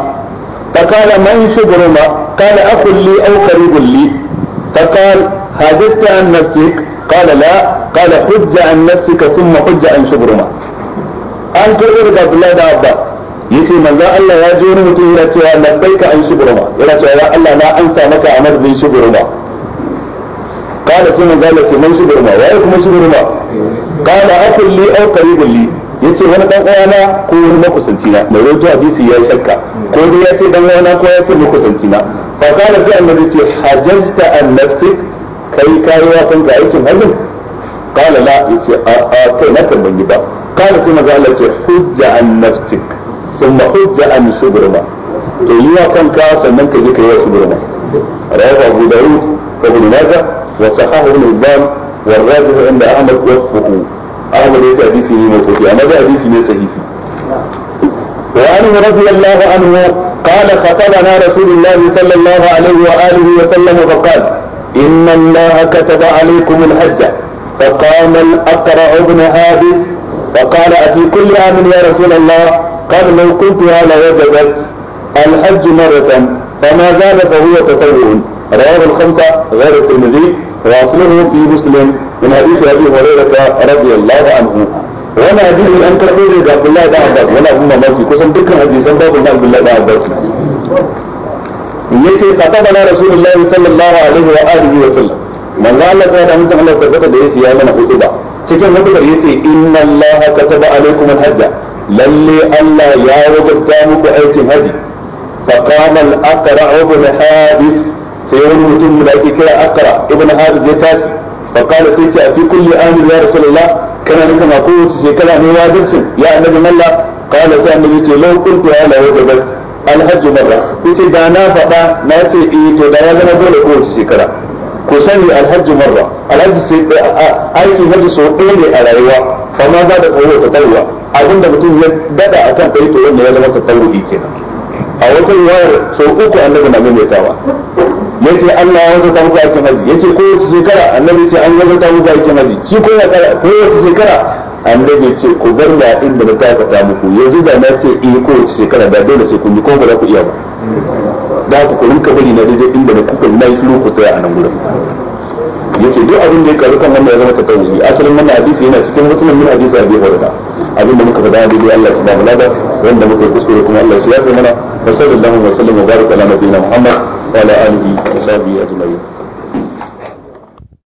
فقال من شبرما قال أخ لي أو قريب لي فقال حدثت عن نفسك قال لا قال حج عن نفسك ثم حج عن شبرما أنت إرجع بالله عباس yace manzo Allah ya ji wani mutum yana cewa labbaika an shubruma yana cewa ya Allah na ansa maka a madadin shubruma قال ثم قال لك من شبرما وايه كما شبرما قال اخ لي او قريب لي yace wani dan uwana ko wani makusanci na mai rawaito hadisi yayi shakka ko dai yace dan uwana ko yace makusanci na fa kana sai annabi ce hajjasta an nafsik kai kai wa kan ka aikin hajjin kala la yace a a kai na kan ban yi ba qala sai manzo Allah ce ja'an subrama to yi wa kanka sannan ka je ka yi wa subrama rawahu abu daud wa ibn majah wa sahahu ibn hibban wa rajih inda ahmad wa fuqu ahmad yace hadisi ne mai kofi amma ba hadisi ne sahihi wa anhu radiyallahu anhu قال خطبنا رسول الله صلى الله عليه وآله وسلم فقال إن الله كتب عليكم الحج فقام الأقرع بن هابي فقال أفي كل عام يا رسول الله قال لو كنت على وجبت الحج مرة فما زال فهو تطوع رواه الخمسة غير الترمذي واصله في مسلم من حديث ابي هريرة رضي الله عنه وانا به ان تقول اذا عبد الله بن عباس ولا ابن مالكي كسم دكا حديثا باب عبد الله بن عباس يجي كتبنا رسول الله صلى الله عليه واله وسلم من قال لك هذا انت الله تبقى بيسي يا من اخوك ان الله كتب عليكم الحجه lalle Allah ya wajabta muku aikin haji fa qama al-aqra ibn hadith sai wani mutum da ake kira aqra ibn hadith ya tashi fa qala sai ce a fi kulli amin ya rasulullah kana nufin a kowace shekara ne wajibcin ya annabi malla qala sai annabi ce law kuntu ala wajabat alhaji marra yace da na faɗa na ce eh to da ya zama dole kowace shekara ku sani alhaji marra alhaji sai aiki haji sau ɗaya ne a rayuwa kama za da kowa ta tarwa abinda mutum ya dada kan kai to wanda ya zama ta tarwi kenan a wata riwayar sau uku annabi na ya ce Allah ya zata muku aikin haji yace ce kowace shekara annabi ce an zata muku aikin haji shi kowace ya kara ko shekara annabi ce ku bar da inda na takata muku yanzu da na ce in eh, kowace shekara da dole sai kun yi ko ba za ku iya ba da ku rinka bari na daidai inda na kuka yi na yi shiru ku tsaya a nan gurin yace duk abin da ya karu kan wanda ya zama tatawuyi asalin wannan hadisi yana cikin musulmin min hadisi abi hurairah abin da muka faɗa da Allah subhanahu wa ta'ala wanda muka kuskure kuma Allah ya yafe mana wa sallallahu wa sallam wa baraka ala nabiyina muhammad wa ala alihi wa sahbihi ajma'in